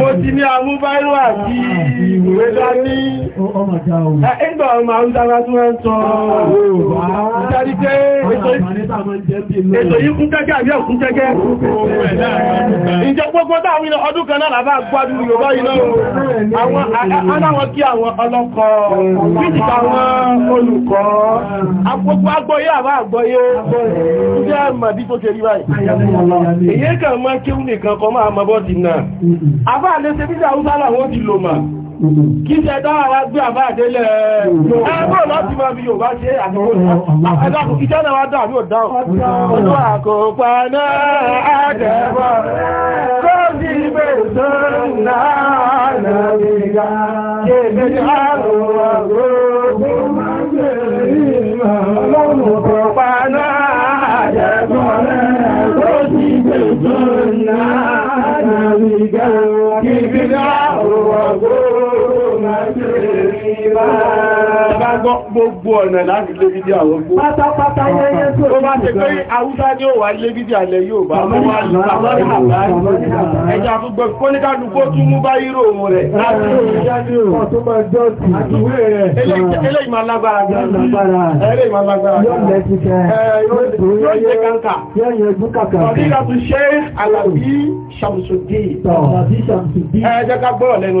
Mo ti ní amúbáírò àti ìwé dání. Ẹgbà ọmọ ọdún kan náà bá gbádùn Yorùbá iná àwọn aláwọ̀ kí àwọn ọlọ́kọ̀ọ́, kí ìtàwọn olùkọ́, apópó bá gbọ́yé àbá àgbọ́yé jẹ́ mọ̀dí tó ṣe rí báyìí èyí kàn mọ́ kí ó nìkan kọ máa mọ́ bọ́dì náà àbá àlẹ́ ṣe bíjà húsá làwọn ti lò mà kí ṣe dára wá gbé àbá àdélẹ̀ ẹgbẹ́ Ọlọ́run kò pa náà àjẹ́gbọ́n rẹ̀ tó ti gbèjò náà àjẹ́rí gẹ̀rọ kí bí náà òwò gbòòrò máa ṣe rí báyìí kọ́ gbogbo ọ̀nà láti lébídí àwọn gbogbo pátápátá yẹ́yẹ́ tó bá ti pé àwúsá ní ò wà lébídí alẹ́ yóò bá wọ́n wá ẹja fúgbọ́ kó ní ká lùkó tún mú bá ìrò òun rẹ̀ láti eléyìí máa lágbára eléyìí máa lágbára yóò jẹ́ káńkà ọdí ìlàtún ṣe Àlàbí Ṣàmsùdí ẹjẹ́ ká gbọ́rọ̀ lẹ́nu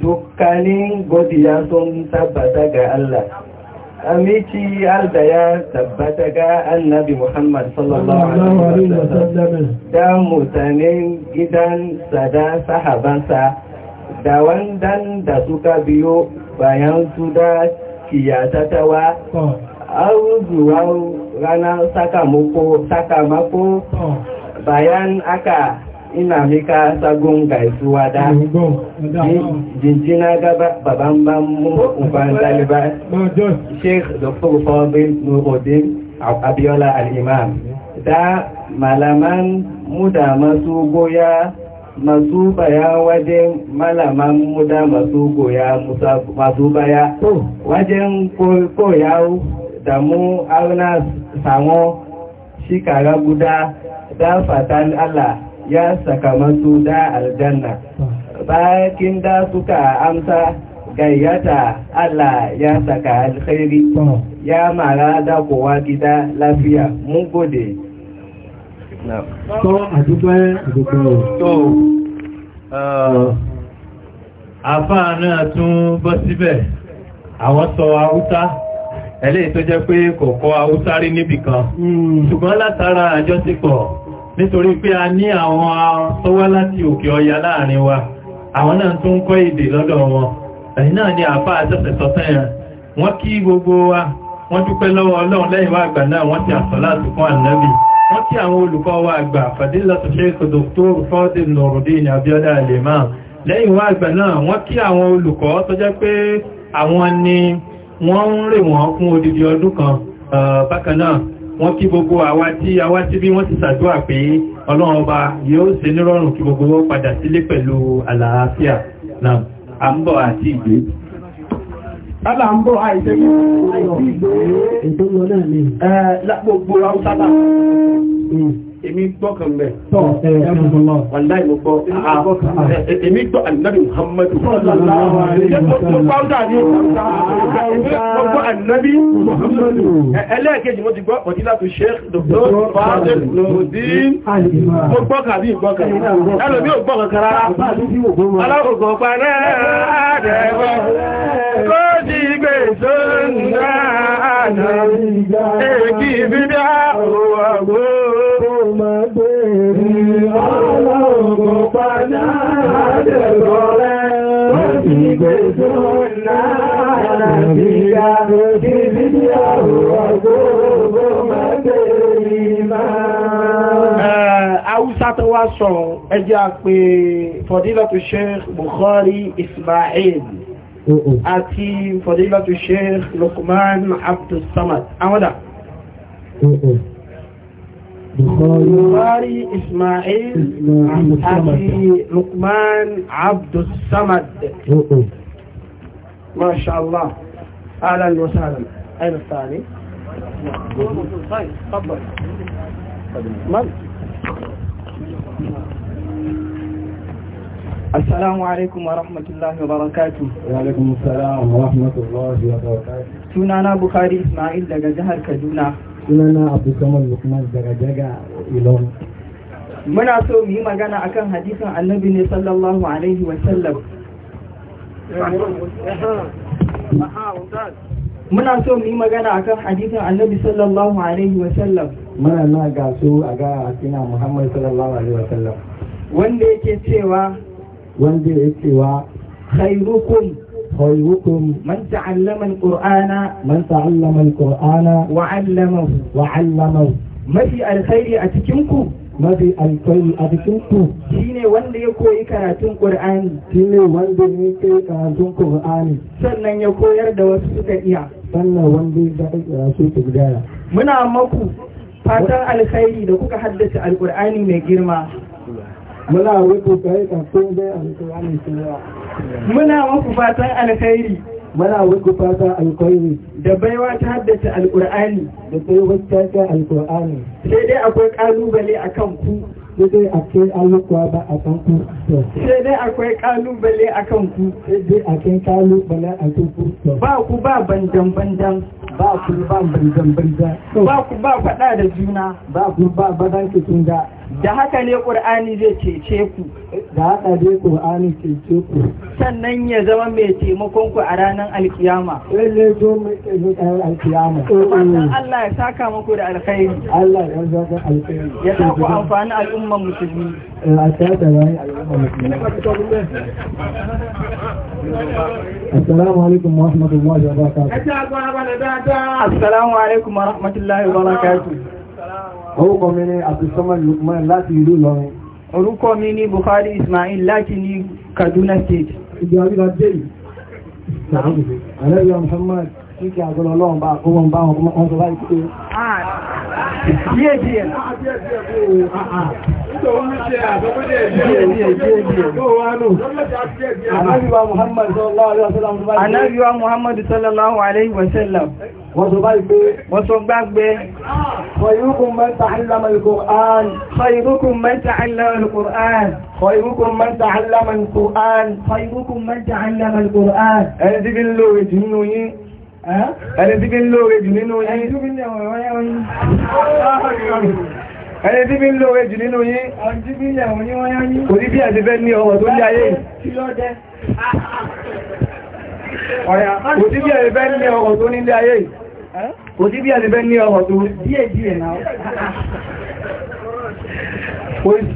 dukkanin godiya sun tabbata ga Allah Amici alda ya tabbata ga annabi Muhammad sallallahu alaihi wasallam da mutanen gidan sada sahabansa da wandan da suka biyo bayan su da kiyatatawa oh. arzuwa ranar sakamako oh. bayan aka ina mika sagun gaisu wada jinjina gaba baban ban mu nfan daliba sheikh dr fawabin nuruddin abiola al'imam da malaman muda masu goya masu baya wajen malaman muda masu goya masu baya wajen koya da mu auna samo shikara guda da fatan allah ya sakamantu da aljanna bakin da suka amsa gayyata Allah ya saka alkhairi ya mara da kowa gida lafiya mun gode tó àdúgbẹ́ àdúgbẹ́ tó eh, àfá náà tún bọ́ síbẹ̀ àwọn sọ haúsá ẹlẹ́ tó jẹ́ pé kò kọ́ haúsá rí níbìkan hmm. ṣùgbọ́n látara àjọsípọ̀ nítorí pé a ní àwọn tó wá láti òkè ọya láàrin wa àwọn náà tún kọ́ èdè lọ́dọ̀ wọn ẹ̀yìn náà ni àpá àjọsẹ̀ sọ́tẹ́ ẹ̀ wọ́n kí gbogbo wa wọ́n dúpẹ́ lọ́wọ́ ọlọ́run lẹ́yìn wá àgbà náà wọ́n ti àsọ̀láàtì fún ànábì wọ́n kí àwọn olùkọ́ wa àgbà fàdílọ́tù ṣeéko dòktóòrù fọ́dé nùrùdín àbíọ́dá àlèmá lẹ́yìn wá àgbà náà wọ́n kí àwọn olùkọ́ tó jẹ́ pé àwọn ni wọ́n ń rè wọ́n fún odidi ọdún kan bákan náà wọ́n kí gbogbo àwa tí àwa tí bí wọ́n ti ṣàdúrà pé ọlọ́run ọba yóò ṣe nírọ̀rùn kí gbogbo wọ́n padà sílé pẹ̀lú àlàáfíà náà à ń bọ̀ àti ìgbé Bábà ń bọ̀ àìsẹ́ ìgbé ètò lọ náà ní. Ẹ èmi gbọ́kàn bẹ̀ wàláì mo gbọ́ ah, èmi gbọ́ ànábì muhammadu gbọ́ ànábì muhammadu ẹlẹ́ẹ̀kejì mo ti gbọ́ ọ̀dílá tó sheikh dr fadil nurdin mo gbọ́kàn àbí ìgbọ́kàn ẹlòmí ò gbọ́kàn kan rárá alákòókò parẹ́ àdẹ́gbọ́ kó di gbé tó ń dá àná èkì bíbí àrùwàgbó máa bèèrè ọlọ́gbọ̀n padà àdẹ̀bọ̀lẹ́ láti i ọgbọ̀gbọ̀ máa bèèrè máa. Awúsá tó wá sọ ẹjẹ́ àpè Fadilatu Sheikh Bukhari Ismail àti Fadilatu Sheikh Lukman Abdus Samad. Àwọn Bukhari Ismail àti Lukman Abdulsamad. Masha mm-hmm. Allah. Ahlan wa sahlan. Aina thani? تفضل. من؟ Assalamu alaikum wa rahmatullahi wa barakatu. Wa alaikum assalam wa rahmatullahi wa barakatu. Sunana Bukhari Ismail daga jihar Kaduna. sunana abu kamar lukman daga daga ilon muna so mu yi magana akan hadisin annabi ne sallallahu alaihi wasallam muna so mu yi magana akan hadisin annabi sallallahu alaihi wasallam muna na ga so a ga asina muhammad sallallahu alaihi wasallam wanda yake cewa wanda yake cewa khairukum خيركم من تعلم القرآن من تعلم القرآن وعلمه وعلمه ما في الخير أتكمكم ما في الخير أتكمكم شيني وند يكوي كراتون قرآن شيني وند يكوي كراتون قرآن سنن يكوي يرد وسوك إياه سنن وند يكوي سوك إياه منا مكو fatan alkhairi da kuka haddace alkur'ani mai girma muna wato kai kafin bai alƙur'ani cewa muna muku fatan alkhairi muna wato fata alkhairi da baiwa ta haddace alƙur'ani da sai ta ta alƙur'ani sai dai akwai kalubale akan ku sai dai akwai alukuwa ba a kan ku sai dai akwai kalubale akan ku sai dai akwai kalubale a kan ku ba ku ba bandan bandan ba ku ba bandan bandan ba ku ba faɗa da juna ba ku ba bazan kitin da da haka ne ƙur'ani zai cece ku da haka dai ƙur'ani cece ku sannan ya zama mai taimakon ku a ranar alkiyama lalle zo mai taimakon alkiyama wannan Allah ya saka muku da alkhairi Allah ya saka alkhairi ya sa ku amfani al'umma musulmi eh, a tsada rai al'umma musulmi assalamu alaikum wa rahmatullahi wa barakatuh assalamu alaikum wa rahmatullahi wa barakatuh orúkọ mi ní Abdulsamad Lukman láti ìlú Ìlọrin orúkọ mi ní Buhari Ismail láti ní Kaduna State ìgbàmílá dèlì àrẹ́bíà Muhammad kíkẹ́ àgbọ̀lọ̀ ọlọ́run bá ọgbọ̀n bá wọn sọ báyìí pé ah, díẹ̀ díẹ̀ Anábíwá ah, ah, Muhammad sallallahu alaihi wasallam wọ́n tó bá ìpé wọ́n tó gbágbé khayrukum man ta'allama al-Qur'an khayrukum man ta'allama al-Qur'an khayrukum man ta'allama al-Qur'an khayrukum man ta'allama al-Qur'an ẹni tí bí ń lóore jù nínú yín ẹni tí bí ń lóore jù nínú yín ẹni tí bí ń lóore jù nínú yín kò ní bí àti fẹ́ ní ọwọ́ tó ní ayé kò sí bí ẹ̀rẹ̀ bẹ́ ní ọkọ̀ tó nílé ayé yìí kò sí bí ẹ̀rẹ̀ bẹ́ ní ọkọ̀ tó díẹ̀ díẹ̀ náà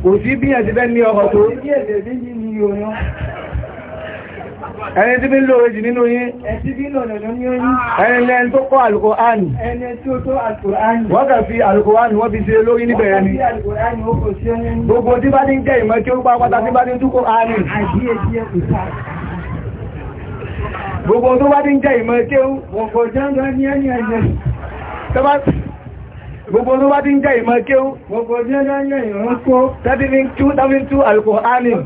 kò sí bí ẹ̀rẹ̀ bẹ́ ní ọkọ̀ tó ẹni tí bí ń lóore jù nínú yín ẹni lẹ́ni tó kọ́ alùkòránì wọ́kà fi alùkòránì wọ́n fi ṣe lórí níbẹ̀rẹ̀ ni gbogbo tí bá ní jẹ́ ìmọ̀ kí ó pàápátá tí bá ní túkò ánì gbogbo tó bá ti ń jẹ́ ìmọ̀ kéwú gbogbo tó bá ti ń jẹ́ ìmọ̀ kéwú gbogbo jẹ́ ìrọ́kó tàbí tú tàbí tú alkùnrin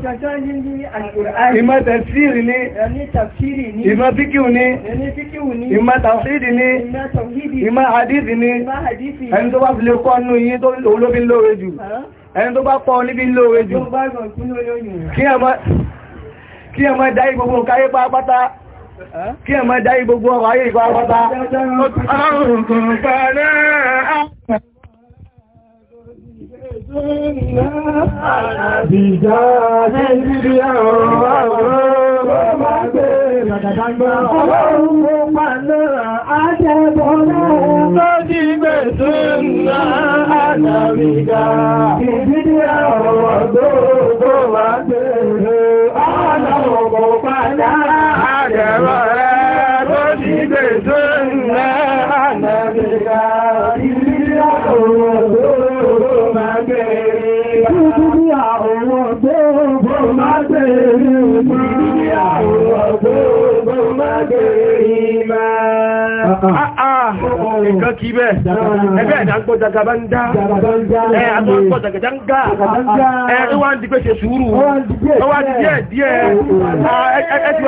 ìmọ̀ tafsiri ni ìmọ̀ fíkíù ni ìmọ̀ tafsiri ni ìmọ̀ hadithi ni ẹni tó bá fi lè kọ́ nú yí tó olóbin lóore jù ẹni tó bá pọ̀ níbi lóore jù kí ẹ mọ́ dá ìgbogbo káyé pápátá kí ẹ máa dáyé gbogbo ọrọ̀ ayé ìgbà ọgbọ́ta ọlọ́run kò bá náà Ìdíyàwó ọdún tó wà dé, ọ̀nà ọ̀pọ̀ padà jẹ̀rọ rẹ̀ tó ti gbé tó ń rẹ̀ ànàbìkà ìlú àkòrò tó máa gbé Ìdíbí àwọn ọgbọ́gbọ́ máa bèèrè ìgbìyànjú àwọn ọgbọ́gbọ́ máa bèèrè ìmá. Ah, ah nǹkan kí bẹ́ẹ̀ ẹgbẹ́ ìdánkọ́ jagaba ń dá ẹ àtọ́nkọ́ jagajà ń gá ẹ ẹ wá ń di pé ṣe sùúrù ẹ wá di díẹ̀ díẹ̀ ẹ ti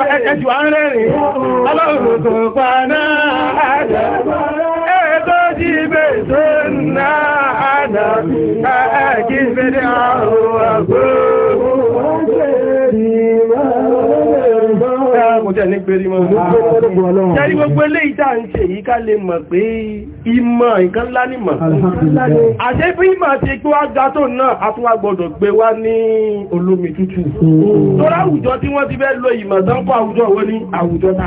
wá ń rẹ́rìn ọlọ́run tó pa náà ẹ tó jí ibẹ̀ tó náà àdá ẹ kí ń fẹ́ dé àrùn àgbò tẹ́ ní pé rí mọ́ ah. jẹ́rí gbogbo ilé ìta ń ṣe yìí ká lè mọ̀ pé ìmọ̀ nǹkan ńlá mọ̀ àṣẹ bí ìmọ̀ ti pé wá ga tó náà a tún wá gbọ́dọ̀ gbé wá ní olómi tútù mm. tó láwùjọ tí wọ́n ti fẹ́ lo ìmọ̀ tán àwùjọ wọ́n ní àwùjọ tá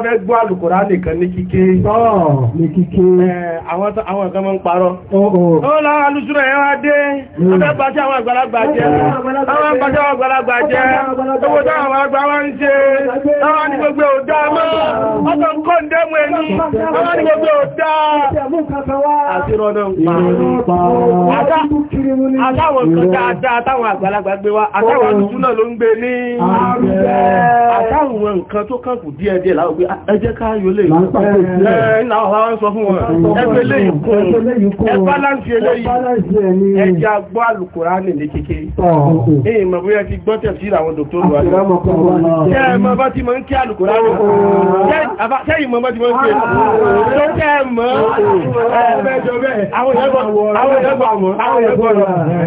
a fẹ́ gbọ́ àlùkùrá nìkan ní ní kíké àwọn ọ̀kan mọ́ ń parọ́ oh, oh. ó láwọn alùsùrọ̀ ẹ̀yàn adé hmm. ọ̀fẹ́pàṣẹ́ àwọn àgbàlagbà àwọn hmm. pàṣẹ́ àwọn àgbàlagbà jẹ́ owó táwọn àgbà wá ń àwọn ní gbogbo òdá mọ́ ọkàn kọ́ ń dẹ́mù ẹni àwọn ní gbogbo òdá àti rọ́nà ń pa àtàwọn kan dáadáa táwọn àgbàlagbà gbé wá àtàwọn alùsùrọ̀ ló ń gbé ní àtàwọn nǹkan tó ẹjẹ́ ká yóò lè ẹ̀ẹ́nà ọ̀hán sọ fún wọn ẹgbẹ́ lè kún ẹbáláǹsì eléyìí ẹjẹ́ agbọ́ alùkùrá nì ní kéèké èyí mọ̀ bóyá ti gbọ́ tẹ̀ sí àwọn dòktóró wa ní ẹ̀mọ́ bá ti mọ̀ ń kí alùkùrá nì sẹ́yìn mọ̀ bá ti mọ̀ ń pè tó kẹ́ mọ̀ àwọn ẹ̀gbọ́n àwọn ẹ̀gbọ́n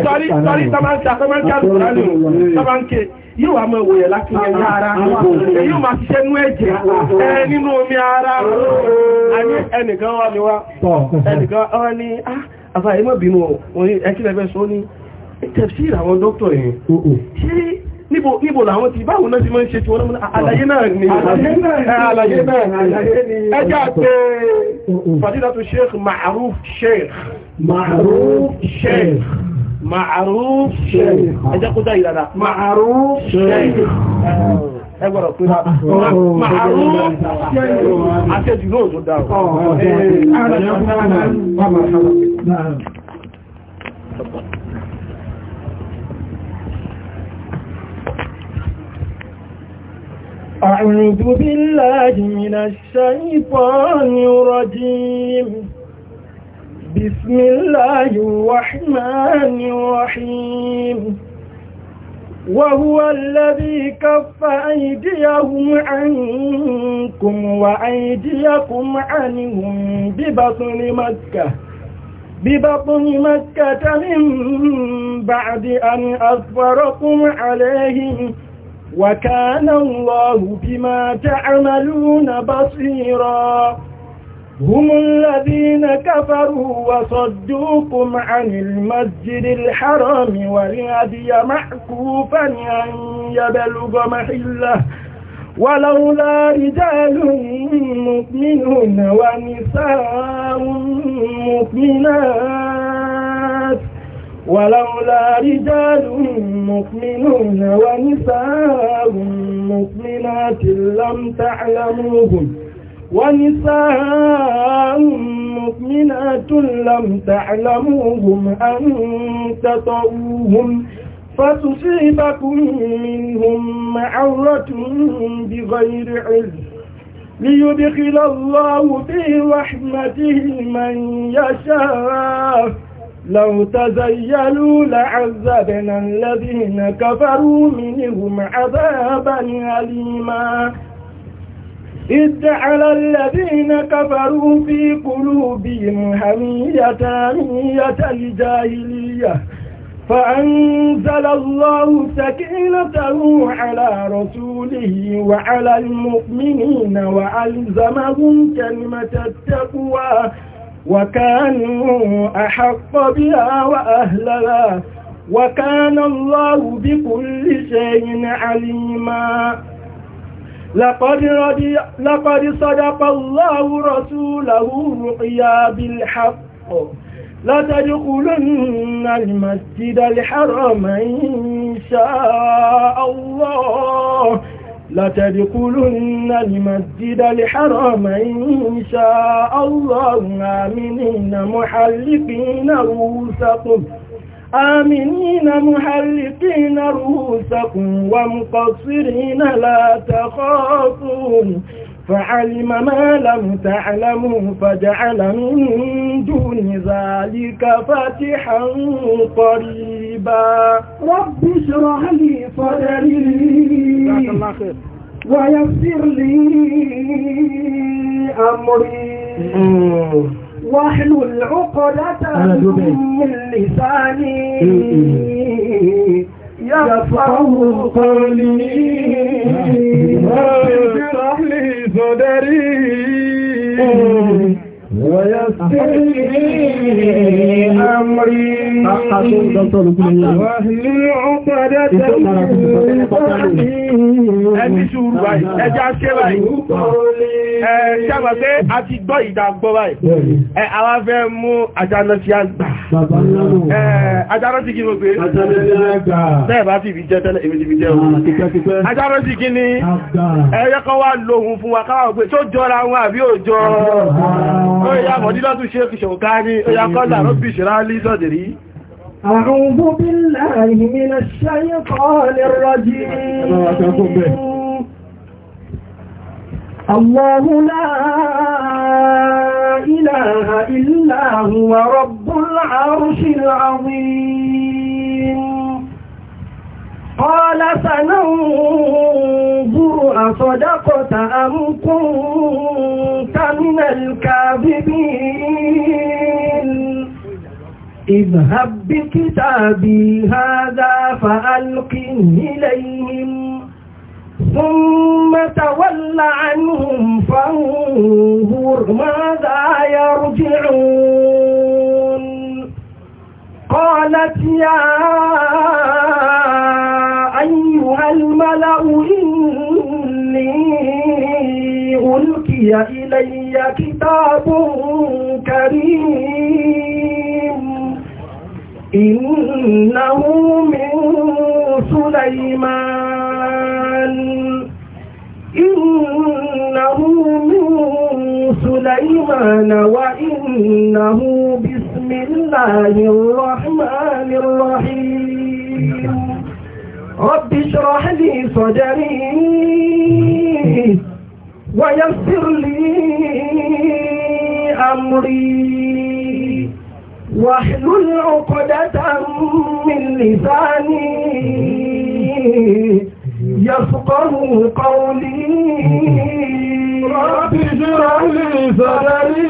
sọ́rí sọ́rí tọ́mọ́ yóò wá mọ́ ìwòyẹ̀ lákìlẹ̀ ah, ara ah, ah, yóò máa ṣiṣẹ́ nú ẹ̀jẹ̀ ẹ nínú omi ara ẹnìkan wá ní wá ẹnìkan wá ní àfà ìmọ̀bìnú ẹkílẹ̀fẹ́ sọ ní tẹ̀sí àwọn dókítọ̀ yẹn oh, oh. ṣe níbo làwọn ti báwọn náà ti mọ́ ṣe tí wọ́n mọ́ àlàyé náà ni àlàyé náà ẹjá pé oh, fàdílà tó Sheikh ma'aruf Sheikh ma'aruf Sheikh Ma'aruf Sheikh. Ẹjẹ́ kó dá ìrànà. Ma'aruf Sheikh. Ẹgbọ̀rọ̀ pé Ma'aruf Sheikh. Àṣẹ́jù náà tó dá أعوذ بالله من الشيطان الرجيم بسم الله الرحمن الرحيم وهو الذي كف أيديهم عنكم وأيديكم عنهم ببطن مكة ببطن مكة من بعد أن أصبركم عليهم وكان الله بما تعملون بصيراً هم الذين كفروا وصدوكم عن المسجد الحرام والهدي معكوفا أن يبلغ محله ولولا رجال مؤمنون ونساء مؤمنات ولولا رجال مؤمنون ونساء مؤمنات لم تعلموهم ونساء مؤمنات لم تعلموهم أن تطعوهم فتصيبكم منهم معرة بغير علم ليدخل الله في رحمته من يشاء لو تزيلوا لعذبنا الذين كفروا منهم عذابا أليما إذ على الذين كفروا في قلوبهم همية همية الجاهلية فأنزل الله سكينته على رسوله وعلى المؤمنين وألزمهم كلمة التقوى وكانوا أحق بها وأهلها وكان الله بكل شيء عليما لقد, رضي لقد صدق الله رسوله رقيا بالحق لا تدخلن المسجد الحرام إن شاء الله لا تدخلن المسجد الحرام إن شاء الله آمنين محلقين رؤوسكم آمنين محلقين رؤوسكم ومقصرين لا تخافون فعلم ما لم تعلموا فجعل من دون ذلك فتحا قريبا رب اشرح لي صدري ويسر لي أمري واحلل عقدة من لساني يفقه قولي رب اشرح لي صدري ويسر لي أمري واهلل عقدة ẹni ṣúrù báyìí ẹjá ṣe báyìí ẹ ṣẹ́gbà pé a ti gbọ́ ìdàgbọ́ báyìí ẹ àwọn afẹ́ mú àjánà sí àgbà ẹ àjánà fi jẹ́ tẹ́lẹ̀ èmi fi jẹ́ ohun ni ẹ̀yẹ́kọ́ wá lóhun fún wa káwàá pé tó jọra wọn àbí òjò Oya Mọ̀dílọ́tún ṣe fi ṣòká ní oya kọ́lá rọ́bì ṣìrá lí sọ́dìrí. أعوذ بالله من الشيطان الرجيم الله لا إله إلا هو رب العرش العظيم قال سننظر أصدقت أم كنت من الكاذبين اذهب بكتابي هذا فألقه إليهم ثم تول عنهم فانظر ماذا يرجعون قالت يا أيها الملأ إني ألقي إلي كتاب كريم إنه من سليمان إنه من سليمان وإنه بسم الله الرحمن الرحيم رب اشرح لي صدري ويسر لي أمري واحلل عقدة من لساني يفقه قولي رب اشرح لي صدري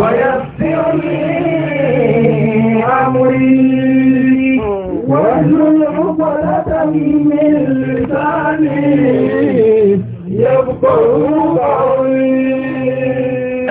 ويسر لي أمري يحزن عقدة من لساني يفقه قولي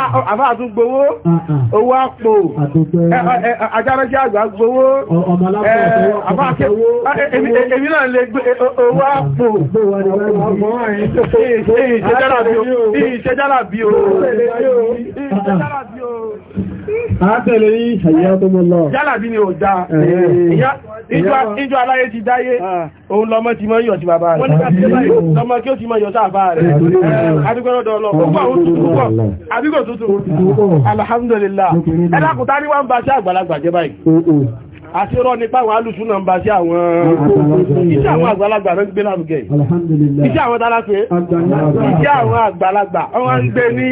Ah, ah, àbá àtún gbowó ah, owó àpò eh, eh, eh, ajáránṣẹ́ àgbà gbowó àbá èmi náà lè gbé owó àpò Ìjọ aláyé ti dáyé, òun lọmọ ti mọ́ yọ̀ sí bàbá rẹ̀. Wọ́n kí ó ti mọ́ yọ̀ sáà rẹ̀. Adúgbọ́rọ̀dọ̀ lọ, ó pọ̀ tútù alhamdulillah ẹ̀dá kùtà ní wọ́n ń bá sí àgbàlagbà jẹ́ báyìí àti rọ́ nípa àwọn alùsùn náà ń bá sí àwọn iṣẹ́ àwọn àgbàlagbà rẹ̀ ń gbé lárugẹ iṣẹ́ àwọn dálápẹ́ iṣẹ́ àwọn àgbàlagbà wọ́n ń gbé ní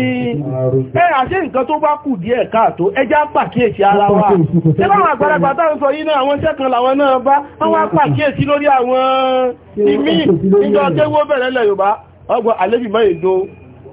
ẹ́ àṣẹ nǹkan tó bá kù díẹ̀ káàtó ẹjá pàkíyèsí ara wa tẹ́láwọn àgbàlagbà táwọn sọ yìí náà àwọn iṣẹ́ kan làwọn náà bá wọ́n pàkíyèsí lórí àwọn ìmí ìjọ tẹ́wọ́ bẹ̀rẹ̀ lẹ̀ Yorùbá ọgbọ̀n àlébì mọ́ èdò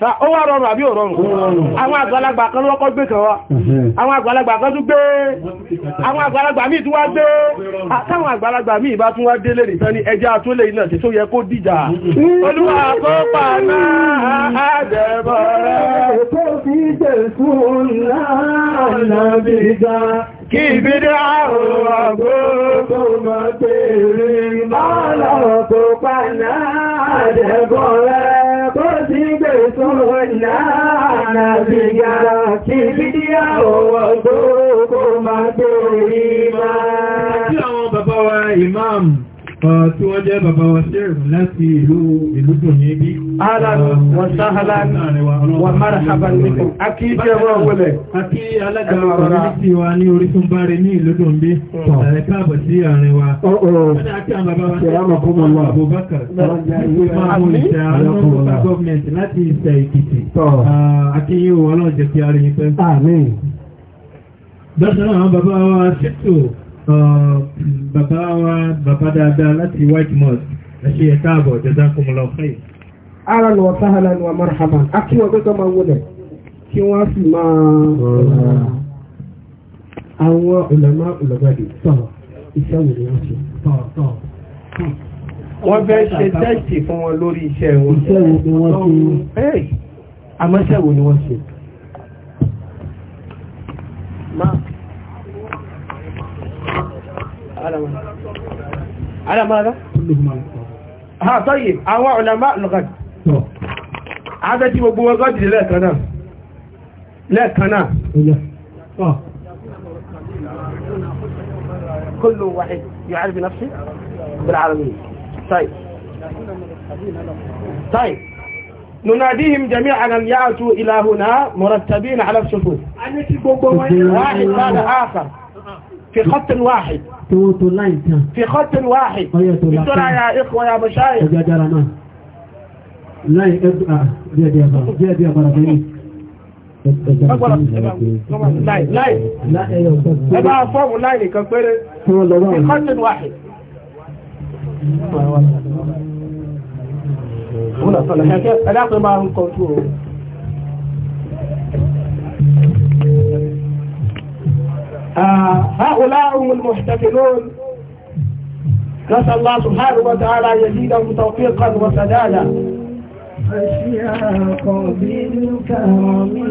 ó wá rọrùn àbí òrọrùn àwọn àgbàlagbà kan lọ́kọ́ gbé kan wá àwọn àgbàlagbà kan tún gbé àwọn àgbàlagbà míì tún wá gbé àtàwọn àgbàlagbà míì bá tún wá délé nìkan ní ẹjá tó lè iná tí tó yẹ kó dìjà olúwa kí ìbídé àrùn àgbókò mọ́ tèrè mọ́lọ̀ tó pàná àjẹ́gọ́ rẹ̀ kó sí gbé sọ́rọ̀ ìlànà bíga kí ìbídé àrùn àgbókò mọ́ tèrè máa. Kí àwọn bàbá wa ìmáàmù tí wọ́n jẹ́ bàbá wa sẹ́rùn láti ìlú ìlúdùn ní ibi. Alan wa sahalan wa marhaban bikum. A kí jẹ́ wọ́n ní orísun ní bí. Hmm. káàbọ̀ sí wa. Oh, oh. wa ah, sẹ́rùn bàbá wa bàbá dáadáa láti white mosque ẹ̀ṣẹ́ ẹ̀ka àbọ̀ jazakumullahu khayr ara lọ sáhàlá ni wa marhaban a kí wọ́n gbẹ́gbẹ́ máa wọlẹ̀ kí wọ́n sì máa àwọn ulama olùgbàdì sọ̀rọ̀ iṣẹ́ wò ni wọ́n ṣe wọ́n fẹ́ على ماذا على ماذا ها طيب او علماء الغد اه. هذا tí gbogbo ọgọ́dì lẹ́ẹ̀kan náà lẹ́ẹ̀kan náà كل واحد يعرف نفسه بالعالمين طيب طيب نناديهم جميعا أن يأتوا إلى هنا مرتبين على الصفوف واحد بعد آخر في خط واحد في خط واحد بسرعة يا إخوة يا مشايخ لا يبقى جادي يا برا جادي يا برا láì láì ẹbá fọ́ọ̀mù láì nìkan péré ìkọ́tìn wáhì ẹ̀dá pé máa ń kọ́ tó آه، هؤلاء هم المحتفلون نسأل الله سبحانه وتعالى ان يزيدهم توفيقا وسدادا أشياق بالكرم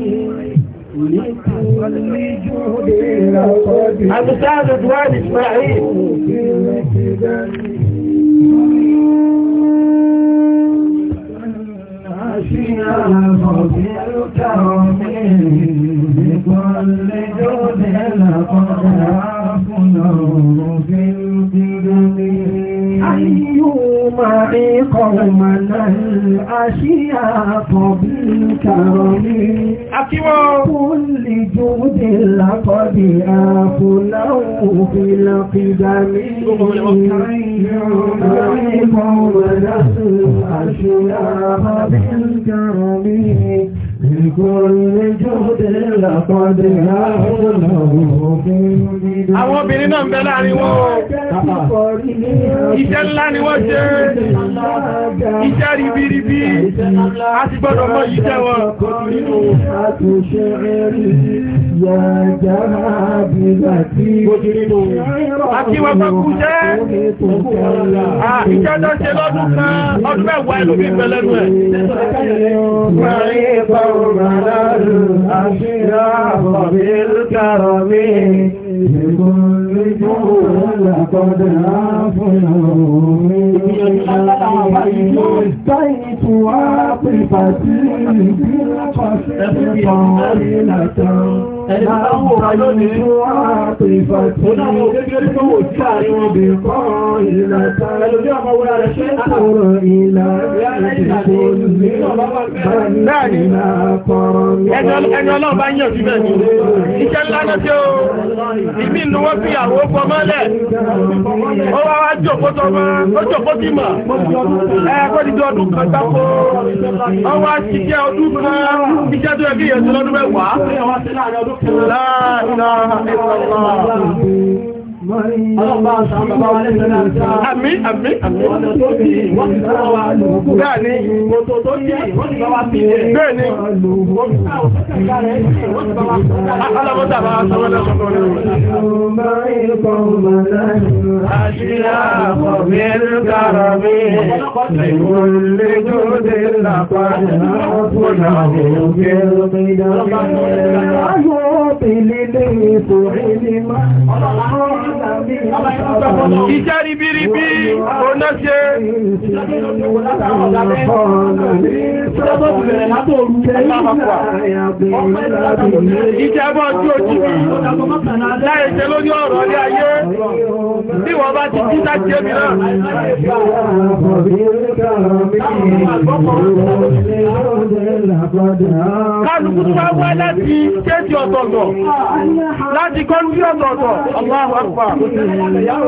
الأستاذ دوان إسماعيل عشنا ففي الكرم بكل جود لقد عرفناه في القدم معي قومنا الأشياء بالكرم كل جود لقد أفلوا في القدم معي قومنا الأشياء بالكرم Àwọn obìnrin náà ń bẹ láàrin wọn o. Iṣẹ́ ńlá ni wọ́n ṣe. Iṣẹ́ ribiribi. A ti gbọ́dọ̀ mọ̀ iṣẹ́ wọn. Àti wọn bá kú jẹ́. Iṣẹ́ tó ṣe lọ́dún kan, ọdún mẹ́wàá ẹlòmí pẹ̀lẹ́nu ẹ̀. بلد أشراف بالكرم بكل جول قد أفلوا بيت واقفتي بالقصد طائلة Ẹni bá wò wá lónìí, òun náà sí àárín wọn iṣẹ́ ńlá náà tí ó ìbí inú fi àwọ̀ fọmọ́lẹ̀ ó wá wá jòkó tọmọ ó jòkó tí mà ẹ̀kọ́ ti di ọdún kan tako ọwọ́ àṣìṣẹ́ ọdún kan iṣẹ́ tó yẹ kí tó lọ́dún mẹ́wàá لا إله إلا الله Àmì àmì àmì ọ̀nà tó bí wọ́n ti sára wa lòókù. Bẹ́ẹ̀ni, mo tó tó bí wọ́n ti bá wa fi lè. Bẹ́ẹ̀ni, wọ́n ti sára wa sọ́kà rẹ̀ wọ́n ti bá wa sọ́kà. Alábọ́ta bá wa sọ́kà rẹ̀ sọ́kà rẹ̀. Ìjọba ìkọ̀ mọ̀lá àṣírà pọ̀ mí kára mi. Ìwọ̀lẹ́ tó dé lápá ọ̀pọ̀nà òkè ìdàgbàsókè. Ayọ̀ òpìlẹ̀ ìfòrí ni máa. Iṣẹ́ ribiribi oná ṣe. Iṣẹ́ bọ́ ojú ojú láì lórí ọ̀rọ̀ ní ayé. Bí wọ́n bá ti títà jẹ́ mi náà. Kálùkù tó wá wá láti kéèkì ọ̀tọ̀ọ̀tọ̀, láti kọ́lù sí ọ̀tọ̀ọ̀tọ̀, Allah akbar. Ẹ̀kù tẹ́lẹ̀ yàdẹ̀ yà o.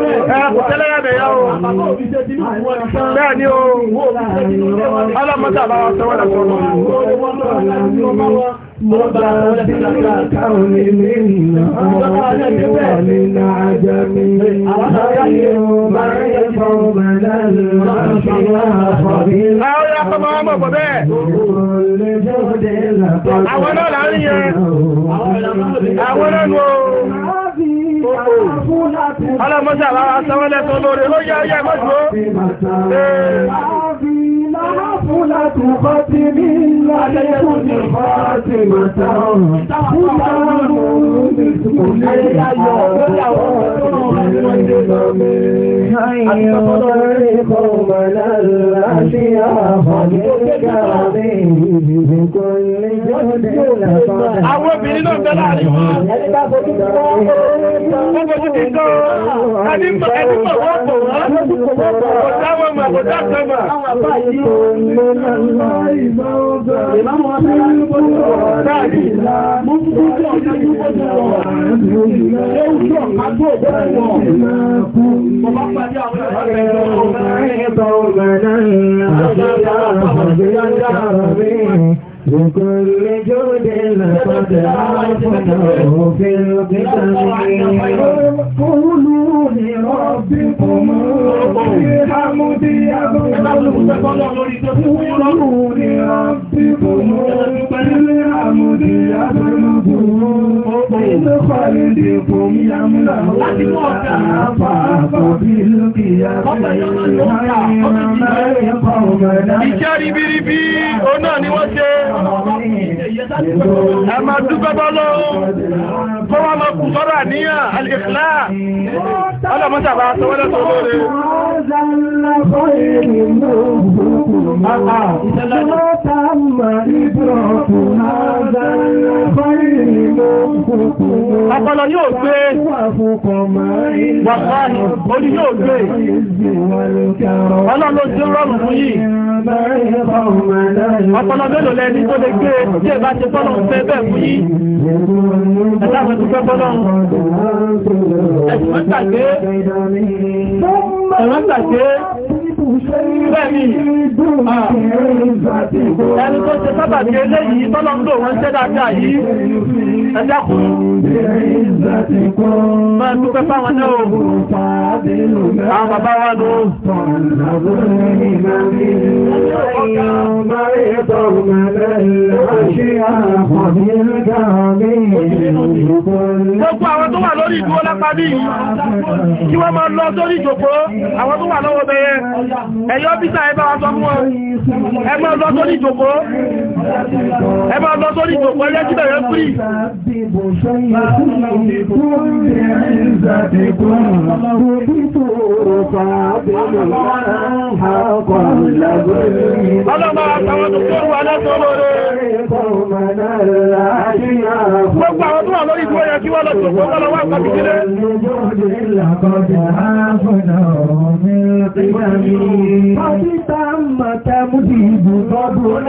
Bẹ́ẹ̀ ni o, ọlọ́mọ́ta bá wá sọ́wọ́dà sọ́wọ́. مبارك كون منا ولنا عجمي خير من يفعل الوحي لجهد القلب أولا العليا أولا نور ọlọ́mọ́sí àwọn asánwọ́lẹ́sọ lórí ló yẹ́ ọyẹ́ mọ́jú ó فلة خاتم لا يكون خاتمة فلة مسكن خير قوم الأشياء بكل جهد Àwọn obìnrin náà bẹ́ láàrin wọn. Ẹni bá fojú ti kọ́ ọ́ fojú ti kọ́ ọ́ ẹni mọ̀ wọ́pọ̀ wọ́n. Kò dáwọn mọ̀ kò dáwọn mọ̀. Àwọn àbá yìí من الله موضع Thank you. بكل جود لقد عرفناه في القسم قولوا لربكم الحمد قولوا لربكم الحمد يبلغ من خلدكم يملأ الأفاق بالقيام قومنا. ìjẹ́rìí bíríbí òun náà ni wọ́n ṣe ẹ máa dúpẹ́ bọ́lọ́ kó wá máa àníyàn alìkìlá ọlọ́mọ́ta Ọpọlọ yóò gbé, wàfáàní, orí yóò gbé, ọlọ́lọ́ tí ó rọrùn fún yìí, ọpọlọ mélòó lẹ́ni tó lè gbé tí ẹ bá ti fọ́nà fẹ́ bẹ́ẹ̀ fún yí ẹ̀láwọn tó fẹ́ fọ́nà ẹ̀sùn mọ́tàgbé ẹni tó ṣe sábà bí eléyìí tọ́lọ́gbò wọn Gbogbo àwọn tó wà lórí ìdúró bí kí wọ́n máa lọ sórí ìjòkó àwọn tó wà lọ́wọ́ bẹ̀rẹ̀ ẹ̀yọ́ bíta ẹbá wa sọ fún ọ ẹgbẹ́ ọlọ́ tó ní ìjòkó ẹgbẹ́ ọlọ́ tó ní ìjòkó ẹgbẹ́ tí bẹ̀rẹ̀ fúrì Gbogbo àwọn tó wà lórí ìgbó kí wọ́n lọ tó kọ́ lọ́wọ́ àpapìdílé. Pàtítà màtà mú ti ìbù lọ́dún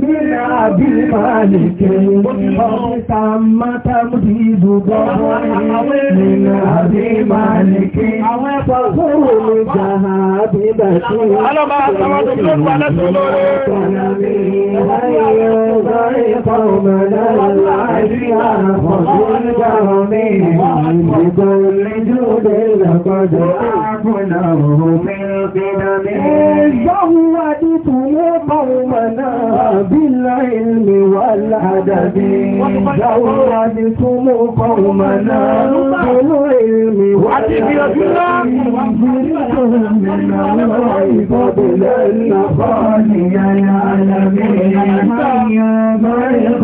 nílà àbí máa lè kèrè. Pàtítà màtà mú ti ìbù lọ́dún nílà àbí máa lè kèrè. Àwọn ẹ̀pọ̀ fóòrò lè jà àbí bàtí. Alọ́bà àwọn tó tó gbà lẹ́sùn lórí. Tọ́nà mi láyé ọ̀rọ̀ ìpọ̀ mọ̀lá láàrín àwọn ọ̀dọ́ ìjọ́ mi. Ìgbò lè jù زودتم قومنا بالعلم والأدب زودتم قومنا بالعلم والأدب من الغيب بلا النخال يا العالمين يا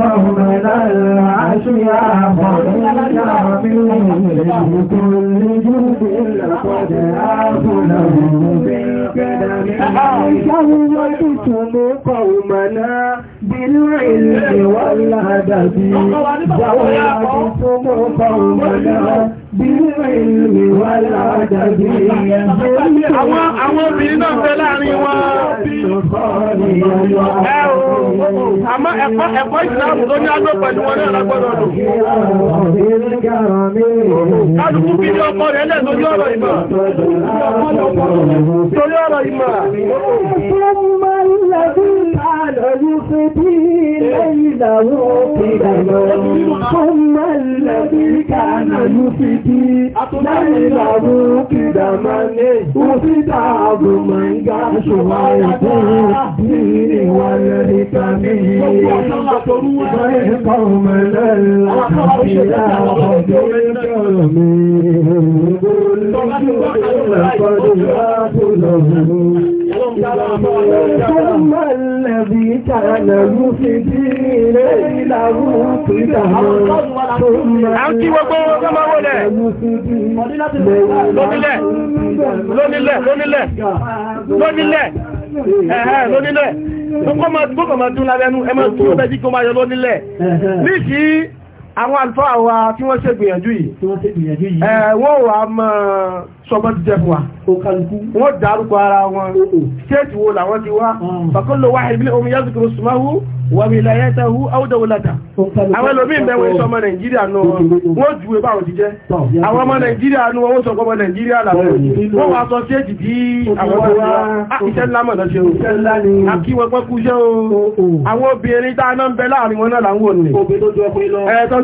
قومنا العشياء خلنا من كل جود لقد عافنا أنهم وجدتم قومنا بالعلم والهدف زوجتم قومنا Àwọn obìnrin náà fẹ́ láàrin wọn. Ẹ o, àmọ́ ẹ̀kọ́ ẹ̀kọ́ ìsìláàmù tó ní agbó pẹ̀lú wọn náà lágbọ́dọ̀ lò. Kálukú bí ní ọkọ rẹ̀ lẹ́ lórí ọ̀rọ̀ ìmọ̀. Lórí ọ̀rọ̀ ìmọ̀. Ó ti rí ti lẹ́yìn àrùn kìdà máa ní òsìdá àrùn máa ń ga ṣòwà ìfún ní ìwà rẹ̀ tàbí ìfẹ́ mẹ́lẹ́lá ìyá ọjọ́ ìjọ́rọ̀ mi Tọ́lá ti wá ثم الذي كان يفدين له قدما ẹ̀hẹ́ lónílẹ̀ gbogbo ma dún lábẹ́nu ẹ ma tún ọbẹ̀ jí kí o máa yọ lónílẹ̀ níṣìí àwọn àlùfáà wa tí wọ́n ṣe gbìyànjú yìí wọ́n wà mọ́ sọmọ́ ti jẹ́ fún wa wọ́n dárúkọ ara wọn stéètì wo làwọn ti wá fàkọ́lọ̀ wá ìbílẹ̀ omi yá zùkúrú súnmáwú wàmí ìlàyẹ́tàwú áwùdáwòlàtà àwọn ẹlòmí mẹ́wọ̀n sọmọ nàìjíríà nù wọ́n jùwé báwọn ti jẹ́ àwọn ọmọ nàìjíríà nù wọ́n sọkọ́ ọmọ nàìjíríà làwọn wọ́n wá sọ stéètì bí àwọn ọmọ ah, iṣẹ́ ńlá mọ̀nà ṣe o àkíwọ̀n pẹ́kú iṣẹ́ o àwọn obìnrin tá a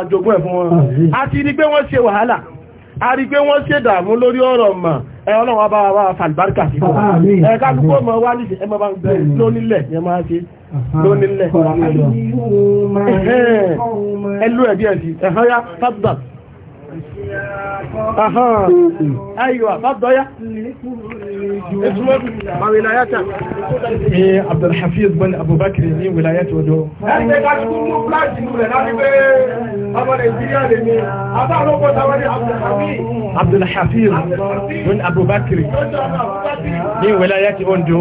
jogún ẹ̀ fún wọn a ti rí pé wọ́n ṣe wàhálà a rí pé wọ́n ṣe dààmú lórí ọ̀rọ̀ mà ẹ ọlọ́wọ́ bá wa fàlìbáríkà sí wọn ẹ kálukú ọmọ wa níṣẹ́ ايوه اتفضل يا ما ولايتك ايه عبد الحفيظ بن ابو بكر ní wìláyẹ́tì odò abdulhafiz bin abubakar ní wìláyẹ́tì odò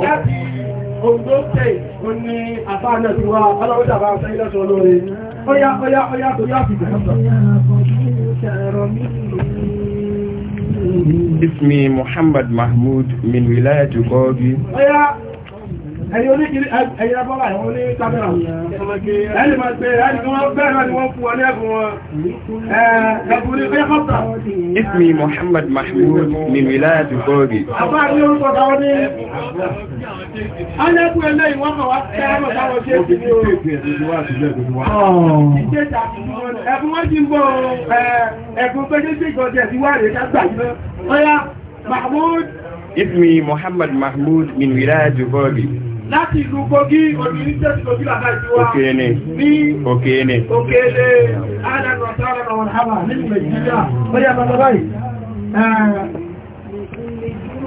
Ogbó tẹ́ ìwọ́n ni àbá náà ti wá, ọlọ́wọ́dà bá ń fẹ́ ilẹ́ṣọ́ lórí ọya ọya ọya tó yá fi Ismi Muhammad Mahmud min wilayati Kogi. Ọya اسمي محمد محمود من ولاد بوغي محمود اسمي محمد محمود من ولاد بوغي láti ìlú Kogi obìnrin tẹ́ ti Kogi bàbá ìjọwà ní òkèèlè àádọ́rọ̀ sára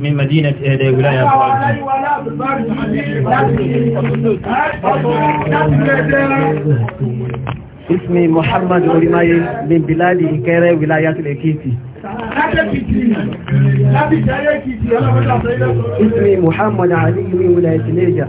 من مدينة إهدى ولاية اسمي محمد أوليماي من بلاد إكيرة ولاية الإكيتي اسمي محمد علي من ولاية نيجا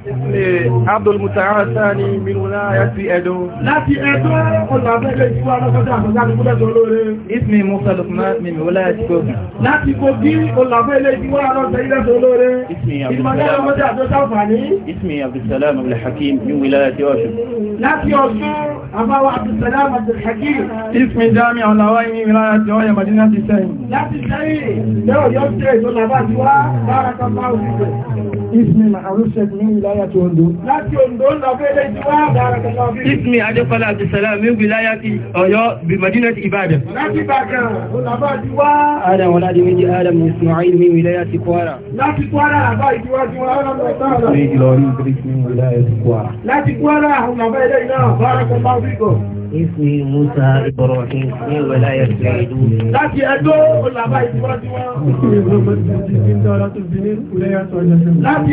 Abdul Mutara Sani min wilayati Ẹdó. Láti Ẹdó ọ̀làfẹ́lẹ̀ ìwà lọ́sọ́dá àkọ́sá ní Múlẹ̀ Tolóore. Ismi Musa Lukman min wilayati Kogi. Láti Kogi ọ̀làfẹ́lẹ̀ ìwà lọ́sọ́ ilẹ̀ Tolóore. Ismi Abdulsalam Abdulhakim min wilayati Ọ̀ṣun. Láti Ọ̀ṣun, àbáwọ̀ Abdulsalam Abdulhakim. Ismi Jami Ọ̀làwáyí min wilayati Ọ̀yọ́ Madina ti sẹ́yìn. Láti sẹ́yìn, lẹ́ọ̀ yọ́ Ismi Ma'arusek ní ìláyà ti Ondo. Láti Ondo ń lọ fẹ́lẹ́ ti wá bára kẹta fi. Ismi Adékọ́lá Abdùsálàm ní ìláyà ti Ọ̀yọ́ bí Madina ti Ìbàdàn. Láti Ìbàdàn, olàbá ti wá. Adam Ọládé méjì Adam Ismail ní ìláyà ti Kwara. Láti Kwara àbá ìtiwá ti wá ọlọ́mọ ìtàrà. Ní Ìlọrin Gírísì ní ìláyà ti Kwara. Láti Kwara àwọn àbá ilé ìlà bára kẹta fi kọ̀. Ìsìn Musa Ibrahim ní ìwẹ̀lá ẹ̀sẹ̀ ìlú. Láti ẹjọ́ olàbá ìtìwọ́dí wọn. Láti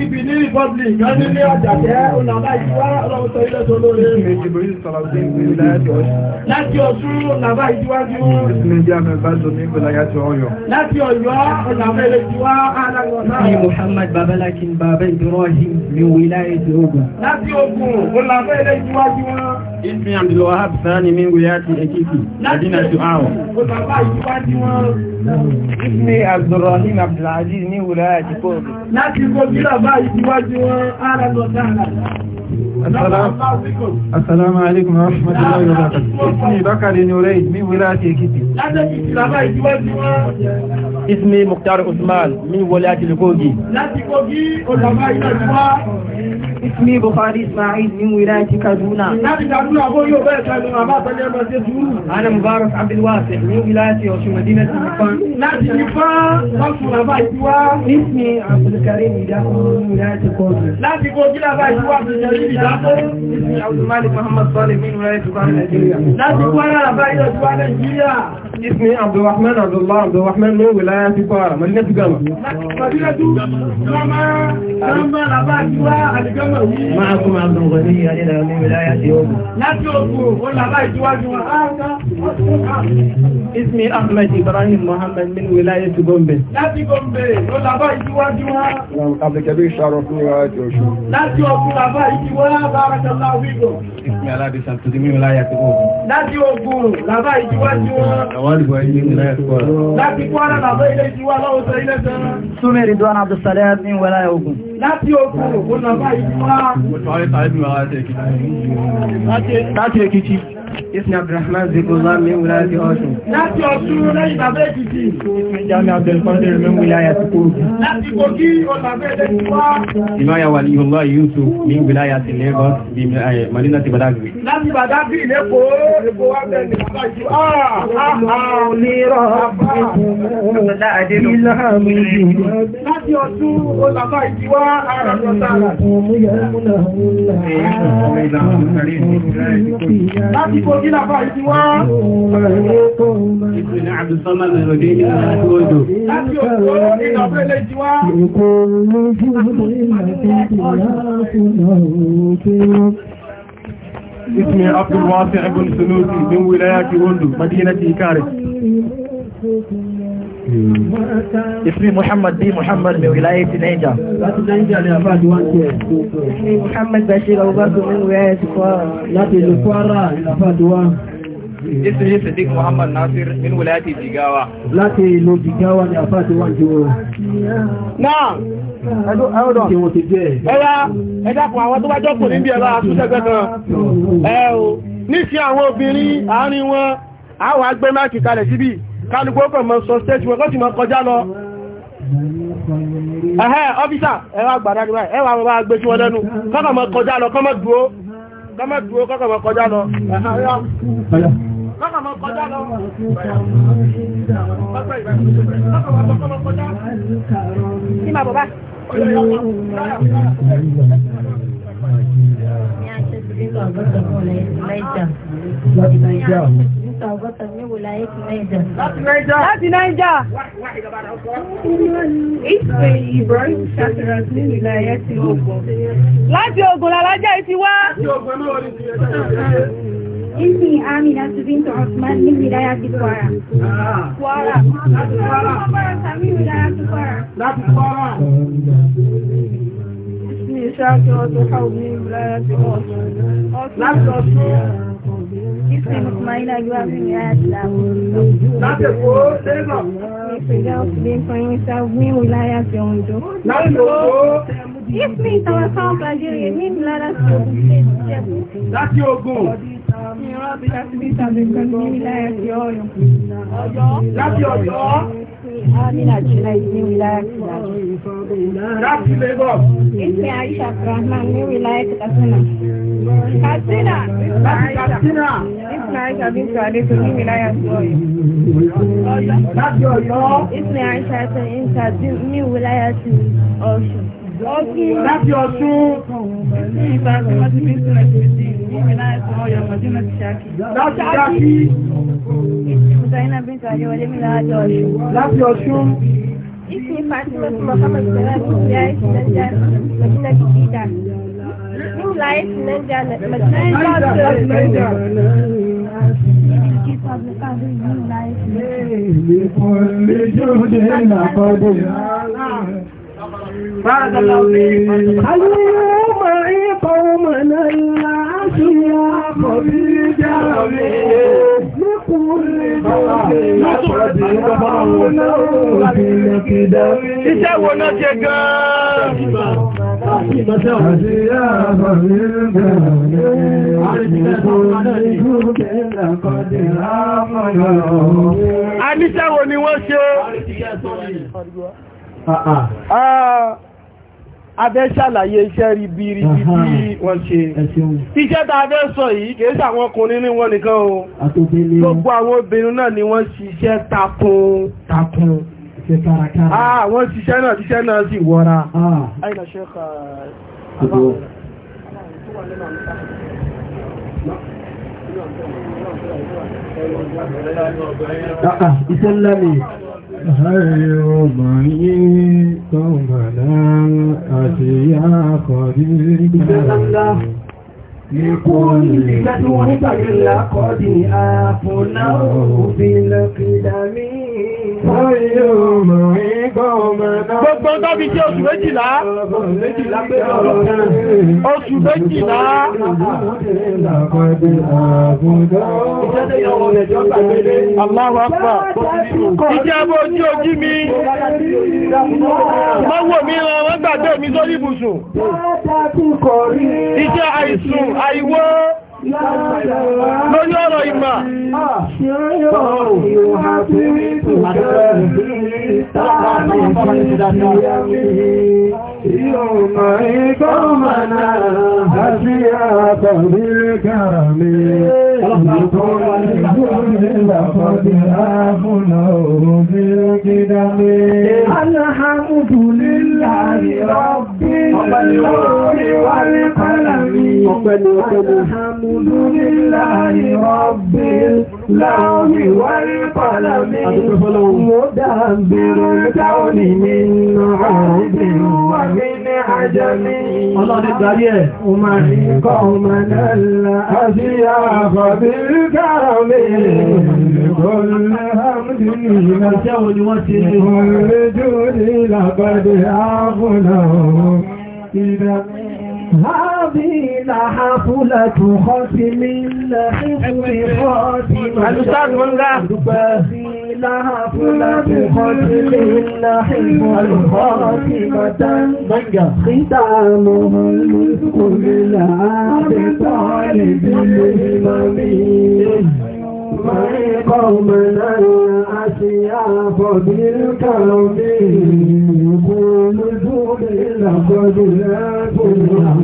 ibi ní Republic, wọ́n ní ní ọjàjẹ́ olàbá ìtìwọ́ ọlọ́wọ́sọ ilẹ̀ tó lórí. Láti Ọ̀ṣun olàbá ìtìwọ́dí wọn. Láti Ọ̀yọ́ olàbá ìtìwọ́ alágbọ̀nsá. Ní Muhammad Babalakin Baba Ibrahim ní ìwẹ̀lá ẹ̀sẹ̀ Ògùn. Láti Ògùn olàbá ìtìwọ́dí wọn. Ibn Abdul Wahab Sani min Wuyati Ekiti, Adina Su'awo. Ibn Abdulrahim Abdulaziz ní Wuyati Kóòdù. Láti kó bí lọ báyìí wájú wọn, ara lọ dáadáa. Assalamu alaikum wa rahmatullahi wa barakatuh. Ismi Bakari Nureid min wilayati Ekiti. Ismi Mukhtar Usman min wilayati Kogi. Ismi Bukhari Ismail min wilayati Kaduna. Ana Mubarak Abdul Wasi min wilayati Osun Madinati Nifan. Ismi Abdul Karim mi min wilayati Kogi. Láti Kogi lábá ìwá Ismi Abdulrahman Abdullah Abdulrahman ló wìláyá sí fara, Madina ti gama. Madina tu, gama, gama laba ìjúwá àdìgama yìí. Máa kún máa gùn wọ́n ní ìyàdínà ní wìláyá sí ogun. Láti ogun, ó laba ìjúwájú wọn, Ismi Ahmed Ibrahim Mohammed min wìláyá sí Gombe. Láti Gombe, ó laba ìjúwájú wọn. Abdulkabir Sharaf ní wáyé ti oṣù. Láti ọkùn laba ìjú ìjìwá bárakàlá wígò. Ìpín aládìsá tó Láti ogun làbá ìjìwá tí lọ́wọ́ sọ ilé sẹ́rán. Súnmẹ́ Ridwan Abdulsalam ní wẹ́lá ogun. Láti ogun òun làbá ìjìwá. Láti Èkìtì. Ismi Abdulrahman Zikullah min wíláyàtí Ọ̀ṣun. Láti Ọ̀ṣun lẹ́yìn bàbá Èkìtì. Ismi Jami Abdulkadir min wíláyàtí Kogi. Láti Kogi olàbẹ́ ẹ̀dẹ́kùn wá. Ìmáyà Wàlíhùlá Yusuf min wíláyàtí Lagos bí eh, Madina ti Badagri. Láti Badagri lẹ́kọ̀ọ́ Èkó wá bẹ̀rẹ̀ bàbá ìjú. Ah, ah, ah. Láti Ọ̀ṣun olàbá ìjú wá Ìgbò kí lápá ìdí wá. Ìgbìnà àbùsọ́mà lọ́rọ̀ dé ní ìlú odò. Láti òkú ọ̀rọ̀ ní ìdọ̀fẹ́ lè jí wá. اسمي عبد الواسع بن سلوسي من ولاية وندو مدينة إكاري Ìfí Muhammad bí Muhammad mi wìláyé ti Niger. Láti Niger ni àbájú wá ń tẹ́. Ìfí Muhammad Bashir Abubakar mi wìláyé ti Kwara. Láti ìlú Kwara ìlàbájú wá. Sadiq Muhammad Nasir min wìláyé ti Jigawa. Láti ìlú Jigawa ni àbájú wá ń jẹ́ wọn. Náà, ẹ̀dọ́ ẹ̀dá ẹ̀dá fún àwọn tó bá jọ́kùn níbi ẹ̀bá àtúnṣẹ́gbẹ́ kan. Ẹ̀ o, ní sí àwọn obìnrin àárín wọn, àwọn agbẹ́máàkì kalẹ̀ síbí. kálùkù ọkọ̀ mọ̀ sọ stéjì wọn kọ́ mọ̀ kọjá lọ ẹ̀hẹ́ ọ́fíṣà ẹwà gbàdá ní báyìí ẹwà bàbá gbé sí wọn lẹ́nu kọ́kọ̀ mọ̀ kọjá lọ kọ́mọ̀ dúró kọ́kọ̀ mọ̀ kọjá lọ ọgọ́ta ní wòláyé ti Naija. Láti Ogun. Láti Ogun làlájá wá. Ìpè Amina ti bí tó Osman ní wòláyé ti Kwara. Kwara. Láti Kwara. Láti Kwara ní iṣẹ́ àti ọdún káwọn ní ìlànà tí wọ́n láti ọdún Ìfẹ́ Mùsùlùmí Àjúwà fi ní àyàtìlá Láti ẹ̀kọ́ Tẹ́lẹ̀mọ̀. Ìfẹ́lẹ́ òfìlé ń fọyín ìṣà wín wìláyà fi ohun jọ. Láti ọ̀pọ̀. Ìfẹ́ ìtàwà sáwọn Nàìjíríà ní ìlànà tí ogun. Láti ogun. Láti Ọ̀yọ́. Amina Junaidi wilaya Kibaki. Láti Lagos. Ismi Aisha Abdulrahman ní wilaya Katsina. Katsina. Láti Katsina. Ismi Aisha Bintu Adeto ní wilaya Oyo. Láti Ọ̀yọ́. Ismi Aisha Bintu Adeto ní wilaya Ọ̀ṣun láti ọ̀tún ní ìgbà tí wọ́n ti fi ń sílẹ̀ sí ti ìpínlẹ̀ ẹ̀sùn ọ̀yọ́ mọ̀júnà ti ṣáàkì. láti ṣáàkì. ìṣòyìnà bí nǹkan ayéwọlé mi láti ọ̀ṣun. láti ọ̀ṣun. ìsì ìfàtíwẹ̀ fún mohammed sẹ́lẹ̀ ti jẹ́ ìṣẹ̀lẹ̀ mọ̀júnà ti fi dà. níwùlá ìsì nàìjíríà mọ̀júnà ti fi dà. Lè kọ́ lè jó dé nàkọ́dé. اليوم قومنا العافية في جامعه لكل قوم يطبعونه في الكدام إتاونا جيجان Àníṣẹ́wò ni wọ́n ṣe. Àà abẹ́ ṣàlàyé iṣẹ́ ribiribi tí wọ́n ṣe iṣẹ́ tá a fẹ́ sọ yìí kìí ṣàwọn ọkùnrin ní wọn nìkan o gbogbo àwọn obìnrin náà ni wọ́n ṣiṣẹ́ takun takun àwọn ṣiṣẹ́ náà ṣiṣẹ́ náà sì wọ́ra uh, ah, ah, Iṣẹ́ ńlá ni هل يبعيكم بلا أشياء قديرة لكل بدوه فإلا قد آفناه بالقدم هل يبعيكم Gbogbo tọ́bi jẹ́ oṣù méjìlá. Oṣù méjìlá. Aláwọ̀ àpá. Ìjẹ́ abọ́ ojú ojú mi. Mọ́wọ́ mi ràn wọ́n gbàgbé mi sórí ibùsùn. Iṣẹ́ àìsùn àìwọ́ lórí ọ̀rọ̀ ìmà Ìyọ̀mà ìgbọ́mànà àti àtàrílé kàràmì, ìgbọ́mà ìgbọ́mà ìgbàkọ̀dì àfúnà òun bí ó gídá mi. Aláhàmùdù lílà ìrọ̀bí lórí wà ní kàràmì, ọ̀pẹ́ni ọ̀pẹ́ni. الحمد لله رب اللوم والقلم مدبر الكون من عود ومن عجم ومن قومنا الأزياف بالكرم كل حمد كل جود لقد أغنوا إذا هذه لحفلة خاتم لحفظ خاتمة الأستاذ منذا هذه لحفلة خاتم لحفظ خاتمة ختامه المسك للعاب طالب الإمامين قومنا أسيا فبالكرم يقول دون لقد لا كنا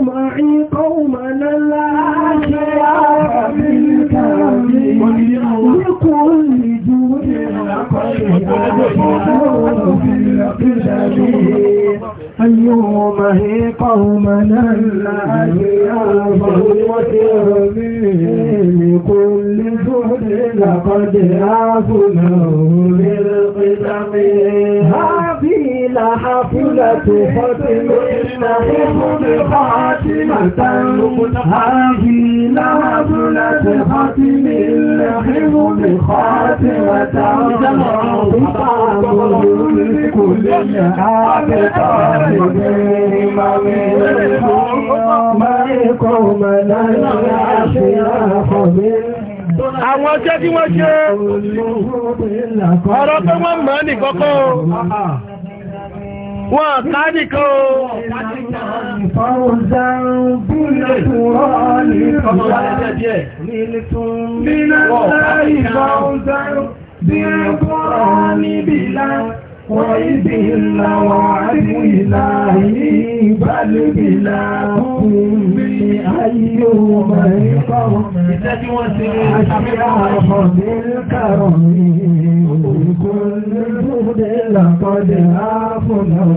معي قومنا الأسيا فبالكرم يقول دون لقد لا كنا اليوم هي قومنا الأحياء جهد لقد عافناه للقدم هذه لحفلة ختم خاتمة هذه لحفلة ختم نحب بخاتمة تمام لكل عاقبة Àwọn ọjọ́ tí wọ́n ṣe ọ̀rọ̀ pé wọ́n mọ̀ ní kọ́kọ́ wọ́n ká nìkan o. Fọ́ọ̀zá búlé tùrọ̀ ní ọ̀pá nílé tún. Bí náà láì ní bí láì. وإذ النواعد إلهي بل بلا أيهما الكرم أشياء بالكرم كل جهد لقد أفنوا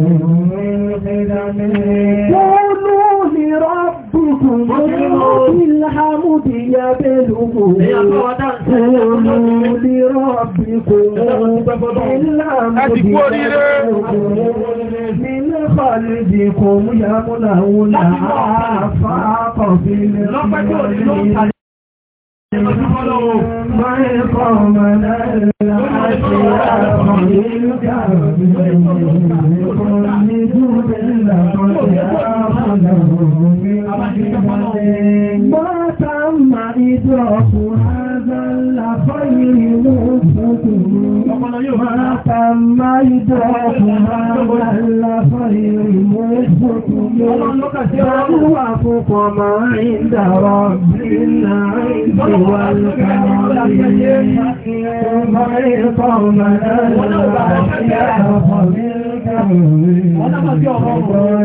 من قدمه dùn lórí ìlàmùdí yàbẹ̀lùkù òun ní rọ́bì kò mú ìlàmùdí yàbẹ̀lùkù nílé fàlejì kò mú yàmúnà òun náà fàákọ̀ sí ilé ìlú Mọ́ẹ̀kọ́ Ọpọlọ yóò máa فما يدرك مال الخير مثبت فهو فوق ما عند رب العز والكرم ثم يطمنا Ọlọ́pàá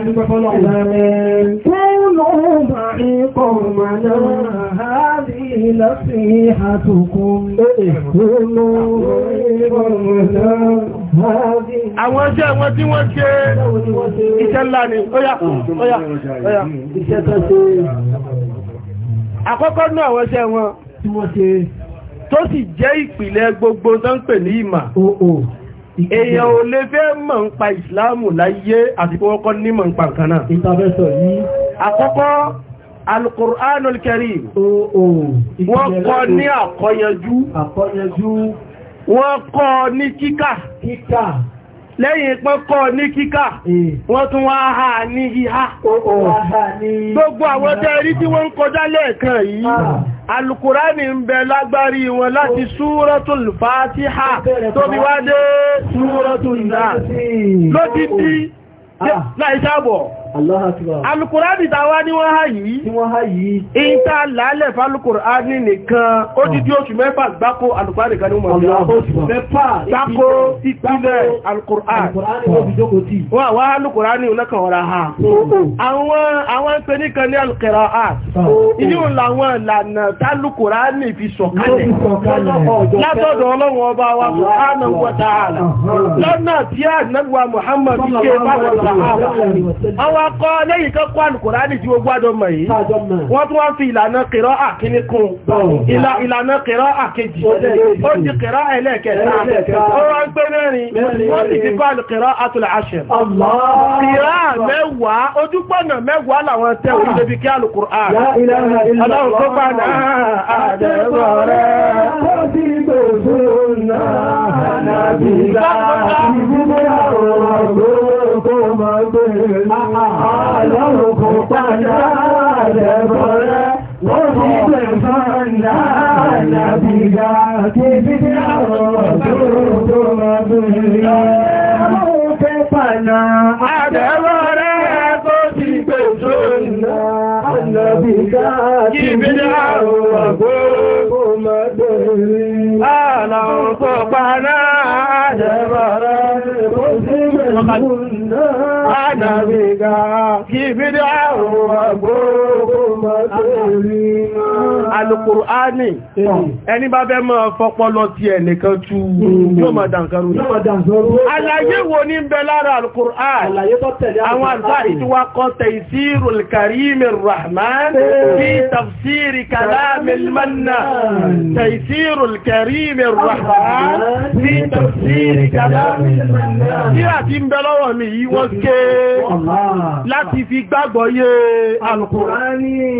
ìdúgbẹ́ fọ́lọ́. ادعوا معي قومنا هذه نصيحتكم ادعوا معي قومنا Àwọn ẹjẹ́ wọn tí wọ́n ṣe iṣẹ́ ńlá ni, óyá, óyá, óyá, iṣẹ́ tó ṣe. Àkọ́kọ́ náà wọ́n ṣe tó sì jẹ́ ìpìlẹ̀ gbogbo tó pè ní ìmà èèyàn ò lè fẹ́ mọ̀ ń pa ìsìláàmù láyé àti kí wọ́n kọ́ ní mọ̀ ń pa nǹkan náà ìtàfẹ́sọ̀ yìí àkọ́kọ́ Al-Qur'anul Karim wọ́n kọ́ ní àkọ́yanjú wọ́n kọ́ ní kíkà lẹ́yìn pọ́kọ́ ní kíkà hmm. wọ́n tún wá ha ní híhá oh, oh. gbogbo àwọn tẹ́ rí tí wọ́n ń kọjá lẹ́ẹ̀kan yìí ah. ni ń bẹ lágbárí wọn láti oh. súratul fàtíhà tó bí wá dé súratul náà ló ti ah. dí láìsáàbọ̀ alukùránì tàwà ní wọ́n há yìí ìta lálẹ̀ falukùránì nìkan ó dídí oṣù mẹ́fà gbákó alukùránì kan ní wọ́n mẹ́fà gbákó ìpínlẹ̀ alukùránì wọ́n wá alukùránì onákan ọ̀rá ha àwọn ń pè níkan ní alukẹ̀rọ ìyíhùn làwọn ìlànà tálukùránì fi sọ̀kalẹ̀ látọ̀dọ̀ ọlọ́run ọba wa sọ̀hánà wọ́ta ààlà lọ́nà tí àdínàgbà Muhammad ike bá wá kọ́ lẹ́yìn kan kọ́ alùkùránì ju ogún àjọmọ̀ yìí wọ́n tún wá fi ìlànà kẹrọ àkíní kún ìlànà kẹrọ àkejì ó ti kẹrọ ẹlẹ́ẹ̀kẹta ó wọ́n sì ti kọ́ alùkẹrọ àtúlẹ̀ àṣẹ lọ́rùn kò pàdá lẹ́bọ̀ rẹ̀ wọ́n ti gbẹ̀fọ́ ńlá àlàbìdá kí fífí àwọn tó tó máa dùn rí. Ọlọ́run fẹ́ pàdá àdẹ́rọ̀ rẹ̀ tó ti gbẹ̀fọ́ ńlá àlàbìdá kí fífí àwọn tó máa náà Give kí bídí àrùn àgbò alùkùránì ẹni bá fẹ́ mọ́ fọ́pọ́lọ́ ti ẹ̀ nìkan tú yóò mọ̀ dàǹkarú aláyé wo ní bẹ lára alùkùránì àwọn àzá ìtíwá kọ́tẹ̀ ìsírù kàrímì rahman fi tafsiri kalami manna tafsiru kàrímì rahman fi tafsiri kalami manna tí àti ń bẹ lọ́wọ́ mi yí wọ́n ké láti fi gbàgbọ́ yé alùkùránì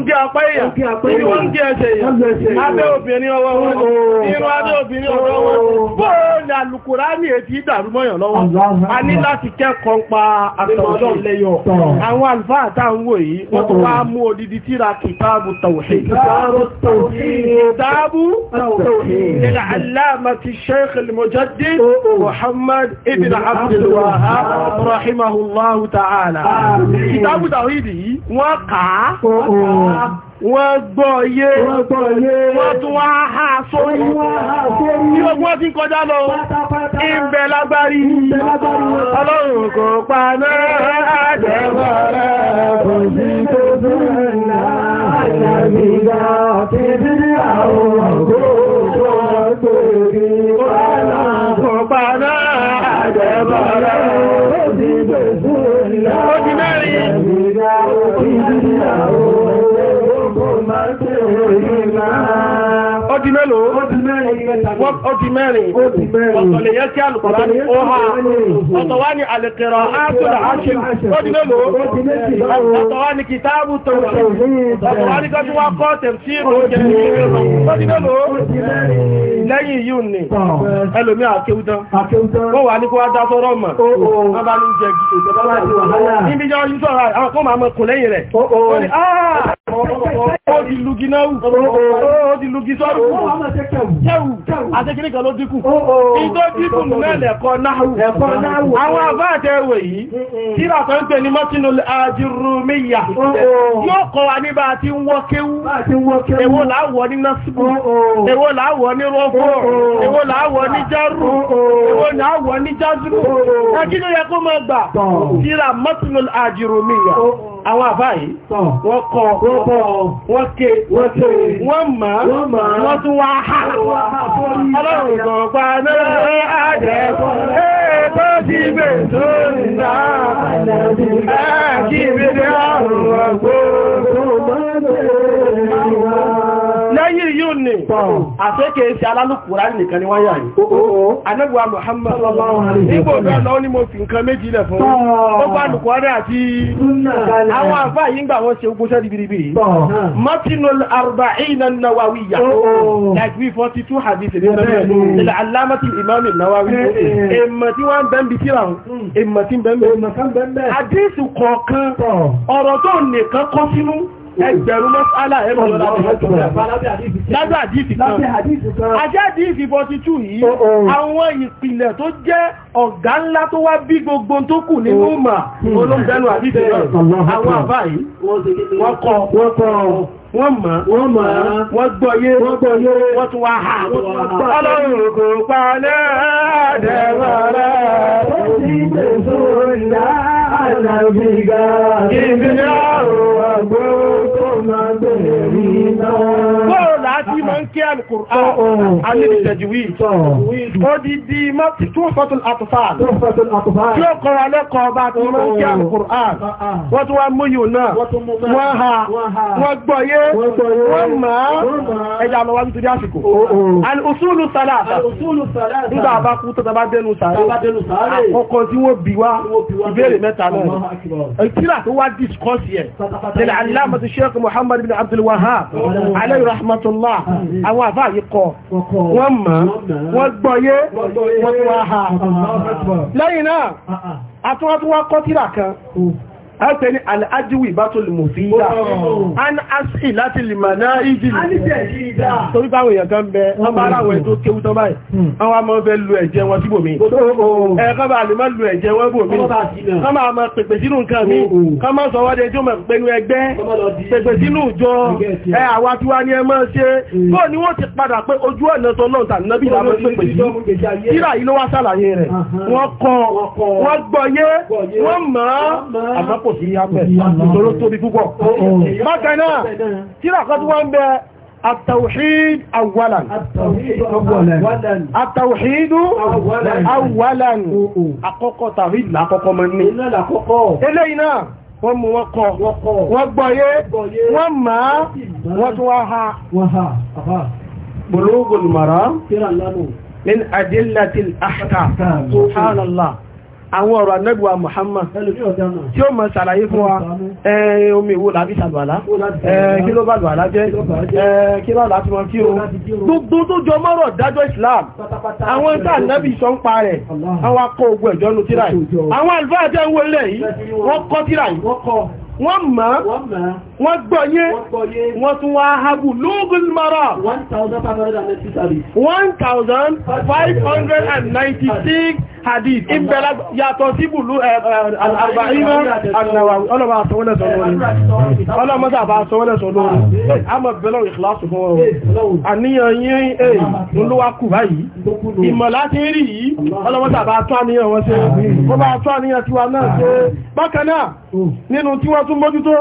ń gé apá èyà ìrú ń gé ẹsẹ̀ èyà abẹ́ obìnrin ọwọ́ wọn oh. irú abẹ́ obìnrin ọwọ́ wọn oh. bóò ní ètí ìdàrúmọ́yàn lọ́wọ́ a ní láti kẹ́kọ̀ọ́ pa àtọ̀ọ̀lọ́ kìtàbù tawhid kìtàbù tawhid al-allamati mujaddid muhammad ibn abdul wahhab rahimahullahu ta'ala kìtàbù tawhid yìí wọ́n kàá oh, wọ́n gbọ́ yé wọ́n tún wá ha sórí ní ogun wọ́n ti ń kọjá lọ ìbẹ̀ lágbárí ọlọ́run kò pa náà àjẹ́wọ̀ rẹ̀ kò sí tó dúró náà àjẹ́gbígbà ti bí àwọn ọgọ́ tó rí wọ́n náà kò pa náà àjẹ́wọ̀ rẹ̀ mélòó ó di mẹ́rin ọ̀tọ̀lẹ̀ yẹ́ kí alùkọ̀rá ní ó ha ọ̀tọ̀ wá ní alẹ́kẹ̀rọ ápùlà áṣì ó di mélòó ọ̀tọ̀ wá ní kìtàbù tọ̀wọ̀ ọ̀tọ̀ wá ní kọ́tí wá kọ́ tẹ̀sí ìròyìn ó di mélòó lẹ́yìn ni ẹlòmí àkéúdán ó wà ní kó wá dá sọ́rọ̀ mọ̀ ọba ní jẹ́ ìjọba níbi jẹ́ ọdún sọ́rọ̀ àwọn kó máa mọ̀ kò àtẹ́kìní kan ló dínkù ìjọ oh, oh, oh. dínkù mẹ́lẹ̀ ẹ̀kọ́ náàrù àwọn àbá àtẹ́wẹ̀ yìí mm, mm. tíra tó ń pè ní mọ́tínú àjírúmíyà yóò kọ́ wa níbà tí ń wọ́ kéwú èwo láwọ̀ ní násìkò èwo láwọ̀ ní rọ́fọ́ èwo láwọ̀ ní járù èwo láwọ̀ ní jázù ẹkínú yẹ kó wọ́n kọ́ wọ́n ké wọ́n mọ̀ wọ́n tún wá há ọlọ́run kò pa náà àjẹ́kùn tó ti gbé tó nà ẹ̀kí ìbílẹ̀ àrùn ọgbọ́n tó mọ́ ní àfẹ́kẹ́ sí alálùkùrá nìkan ni wọ́n yà yìí anẹ́gbà Muhammad nígbò lọ́lọ́ ní mo fi nǹkan méjì lẹ̀ fún ọgbà alùkùrá àti àwọn àfá yìí gbà wọ́n ṣe ogun ṣẹ́ dìbìrìbì matinul arba'ina nawawiyya like we 42 hadith ní ilẹ̀ alámàtí imam nawawi èmọ̀ tí wọ́n bẹ́ẹ̀ bí tíra hmm. èmọ̀ tí bẹ́ẹ̀ bẹ́ẹ̀ ẹgbẹ̀rún mọ́sálà ẹ̀rọ lábẹ́ àdífì kan ajẹ́ àdífì 42 yìí oh, oh. àwọn ìpìlẹ̀ tó jẹ́ ọ̀gá ńlá tó wá bí gbogbo tó kù ní múmà hmm. olóńgbẹ́nu àdífì náà hmm. àwọn àbáyìí wọ́n kọ́ wọ́n mọ̀ wọ́n gbọ́yé wọ́n tún wá ha ọlọ́run kò pa lẹ́ẹ̀dẹ̀wọ̀rẹ́ tó ti tẹ̀sọ́ ìyá àlàbíga ìbílẹ̀ àrùn àgbó tó máa bẹ̀rẹ̀ náà tí ma ń kí alìkùrán alìbìtẹ̀jìwì ah, oh. oh. odidi túnfọ́tún àtùfáà tí ó kọ́ra lẹ́kọ̀ọ́ bá tí ma ń kí oh. alìkùrán ah, ah. wọ́n tún wá múyù náà wọ́n ha wọ́n gbọ́yé wọ́n máa ẹjà lọ́wọ́ nítorí àsìkò alìsúlù sàlàtà nígbà bá kú tó tàbá dénú sàárè àkọ́kọ́ tí wọ́n bí wá ìbéèrè mẹ́ta náà ìtìlà tó àwọn àfáà yìí kọ wọ́n mọ̀ wọ́n gbọ́yé wọ́n tún wá ha lẹ́yìn náà àtúwọ́túwọ́ kọ́ kan àtẹni al'ajiwi bá tó lè mọ̀ sí oh. ìdá an asì láti lè mọ̀ náà ìjì torí báwọn èèyàn kan bẹ hmm. ọmọláwẹ̀ tó kéwú tán báyìí àwọn hmm. ọmọ fẹ́ lu ẹ̀jẹ̀ wọn síbò mi oh, oh, ẹ̀kọ́ bá lè mọ́ lu ẹ̀jẹ̀ wọn bò mí kọ́ máa mọ pèpè sínú nǹkan mi kọ́ máa sọ wọ́de tí ó mọ̀ pẹ̀lú ẹgbẹ́ pèpè sínú ìjọ ẹ àwa tí wá ní ẹ máa ṣe kó hmm. ni wọ́n ti padà pé ojú ọ̀nà tó náà tàbí nábì làwọn pèpè sí kíra yìí ló wá sàlàyé rẹ̀ wọ́n kọ́ wọ́n gbọ́yé wọ́n mọ̀ àmọ́pọ̀ kò sí apẹ̀ ìṣòro tóbi púpọ̀ oh, oh. bákan náà tíra kan tí wọ́n ń bẹ التوحيد اولا التوحيد اولا àkọ́kọ́ tawhid la àkọ́kọ́ man ni eleina wọ́n mú wọ́n kọ́ wọ́n gbọ́yé wọ́n máa wọ́n tún wá ha Bulughul àwọn ọ̀rọ̀ anẹ́gbà Muhammad tí ó mọ̀ sàlàyé fún wa ẹ̀yìn omi ìwò láti sàlùwàlá kí ló bàlùwàlá jẹ́ kí lọ́lá tí wọ́n kí o gbogbo tó jọ mọ́rọ̀ dájọ́ Islam àwọn ìta nẹ́bì sọ ń pa rẹ̀ àwọn akọ ogun ẹ̀jọ́nu tíra yìí àwọn àlùfáà jẹ́ wọ́n mọ̀ wọ́n gbọ́yé wọ́n tún wá habu lóògùn mara 1596 hadith ìbẹ̀lá yàtọ̀ sí bùlú àgbàríwá àgbàwàwí ọlọ́mọ àtọwọ́lẹ̀ sọ lórí ọlọ́mọ sàbà àtọwọ́lẹ̀ sọ lórí a mọ̀ bẹ̀lọ́ ìkìláṣù fún ọrọ̀ àníyàn yìí èyí olówá kù báyìí ìmọ̀ láti rí yìí ọlọ́mọ sàbà àtọ́ àníyàn wọn ṣe tún mójútó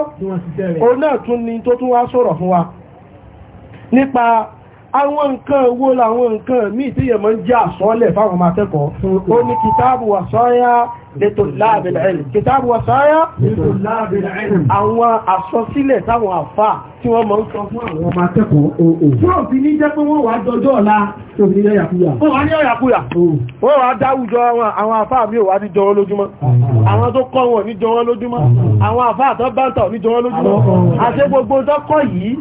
òun náà tún ni tó tún wá sọ̀rọ̀ fún wa nípa àwọn nǹkan wo làwọn nǹkan míì tí yẹ̀mọ́ ń jẹ́ àsọ́ọ́lẹ̀ fáwọn ọmọ akẹ́kọ̀ọ́ ó ní kìtáàbù àsọ́yá لطلاب العلم كتاب وصايا لطلاب العلم àwọn àsọsílẹ̀ táwọn àfà tí wọ́n máa ń sọ fún àwọn ọmọ akẹ́kọ̀ọ́ ooo tí ò fi ní jẹ́ pé wọ́n wà dọjọ́ ọ̀la tó fi ní ọ̀yàkúyà wọ́n wà ní ọ̀yàkúyà wọ́n wà dáwùjọ àwọn àfà mi ò wà ní jọ wọ́n lójúmọ́ àwọn tó kọ́ wọn ní jọ wọ́n lójúmọ́ àwọn àfà àtọ́ báńtà ní jọ wọ́n lójúmọ́ àti gbogbo tọ́kọ̀ yìí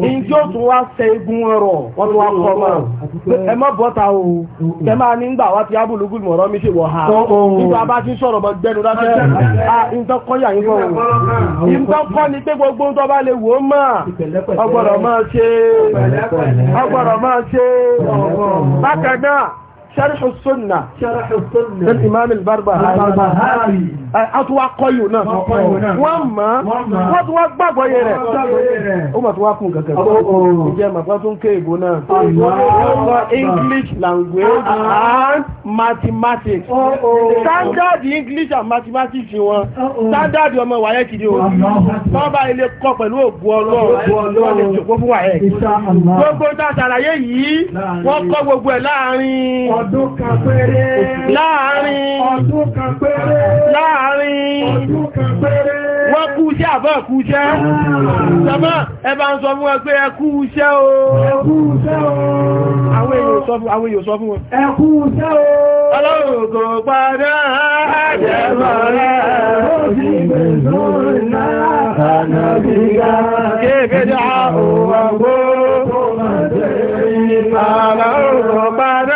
ní tí ó tún wá sẹ igun ọ̀rọ̀ wọ́n tún wá kọ́ mọ́ ẹ mọ́ bọ́ta o kẹ máa nígbà wá ti ábùlùgùn mọ̀rọ́ mi ṣe wọ̀ ha nígbà bá ti ti sọ̀rọ̀ bọ̀ gbẹ́nu lábẹ́ ìtọ́kọ́yà yíkọ̀ ìtọ́kọ́ ni pé gbogbo tó bá lè wò máa ọgbọ̀rọ̀ máa ṣe bákan náà شرح السنة شرح السنة للإمام البربهاري أتوا قيونا وما وما بابا يرى وما تواكم كذا جماعة فاتون كيبونا English language and mathematics standard English and mathematics wọn standard ọmọ wàyẹ́ kìdí o wọ́n bá ilé kọ́ pẹ̀lú ògbó ọlọ́run wọ́n lè jòkó fún wàyẹ́ gbogbo tàṣàlàyé yìí wọ́n kọ́ gbogbo ẹ̀ láàrin ọdún kan péré láàrin ọdún kan péré láàrin ọdún kan péré wọ́n kú iṣẹ́ àbọ̀ ẹ̀kú iṣẹ́ ṣọ́bọ́ ẹbá ń sọ fún ẹ pé ẹkú iṣẹ́ o àwọn èèyàn sọ fún wọn ẹkú iṣẹ́ o ọlọ́run kò padà àjẹ́mọ̀ rẹ̀ ó sì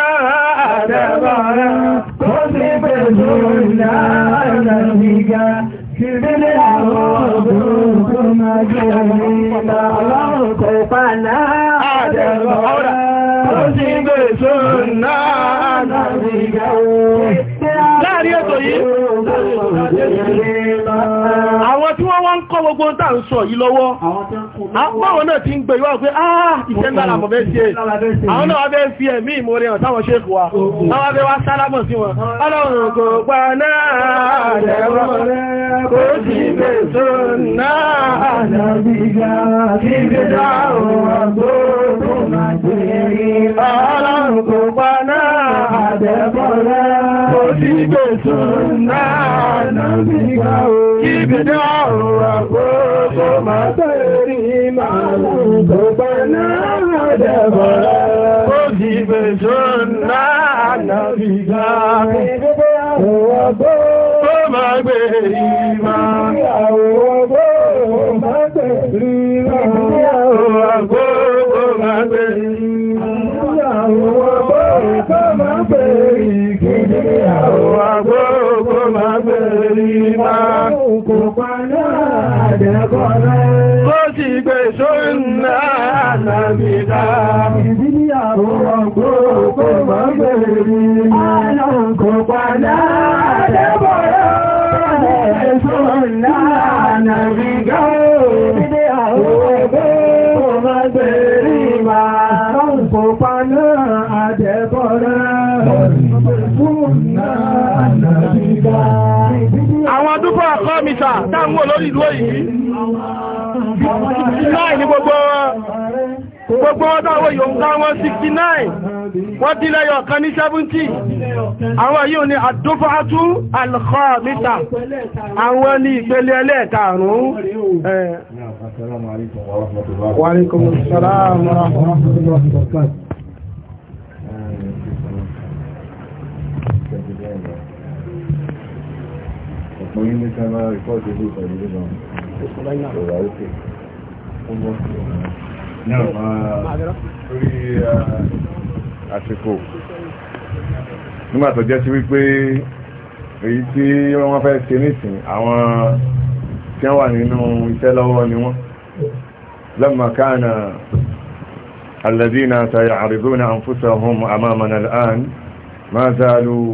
jùmílà ọlọ́run kò pàná àdẹ̀rọ̀ ọ̀rà tó sì gbèsò náà láàrin ètò yìí gbogbo ń tàà ń sọ yìí lọ́wọ́ àwọn ah, náà ti ń gbé ìwọ́n pé ah ìṣẹ́lára mọ̀ bẹ́ ṣe àwọn náà wọ́n bẹ́ fi ẹ̀mí ìmòrè hàn táwọn ṣe kù wa wọ́n bẹ́ wá sálámọ̀ sí wọn ọlọ́run kò pa kí bí dáhùn àgbó kó má tẹ̀rí màálù tó bá náà dẹ̀bọ̀rà. Ó di bèjò náà nàbí gáàmì. Ó má gbé ìmá. Ó má tẹ̀rí màálù tó bá náà dẹ̀bọ̀rà. tó sì gbé sóńnà ànàbìdá. Ìdílé àrùn ọgbọ́n kò mọ́ bèèrè ní àrùn kò padà àdébọ̀rọ̀. Sóńnà ànàbìdá. Ìdílé àrùn ọgbọ́n kò mọ́ bèèrè ní àrùn kò padà àdébọ̀rọ̀. Sóńnà ànàbìdá. Àwọn dúpọ̀ àkọ́ mi sà, táwọn olórí ìlú òyìnbí. 69 ní gbogbo wọn gbogbo wọn táwọn yòǹkà wọn 69 wọ́n dílé ọ̀kan ní 70 àwọn yíò ní àdófàátú alkhọ́mítà àwọn ní ìpele ẹlẹ́ẹ̀kàrún Wa alaikum assalam wa rahmatullahi wa barakatuh Mo yí ní sẹ́mọ́ ìfọ́jú ìlú pẹ̀lú ìlú náà. Ìṣọ́lá òkè orí àsìkò nígbà tó jẹ́ sí wípé èyí tí wọ́n fẹ́ ṣe nìsín àwọn tí wọ́n wà nínú iṣẹ́ lọ́wọ́ ni wọ́n لما كان الذين سيعرضون أنفسهم أمامنا الآن ما زالوا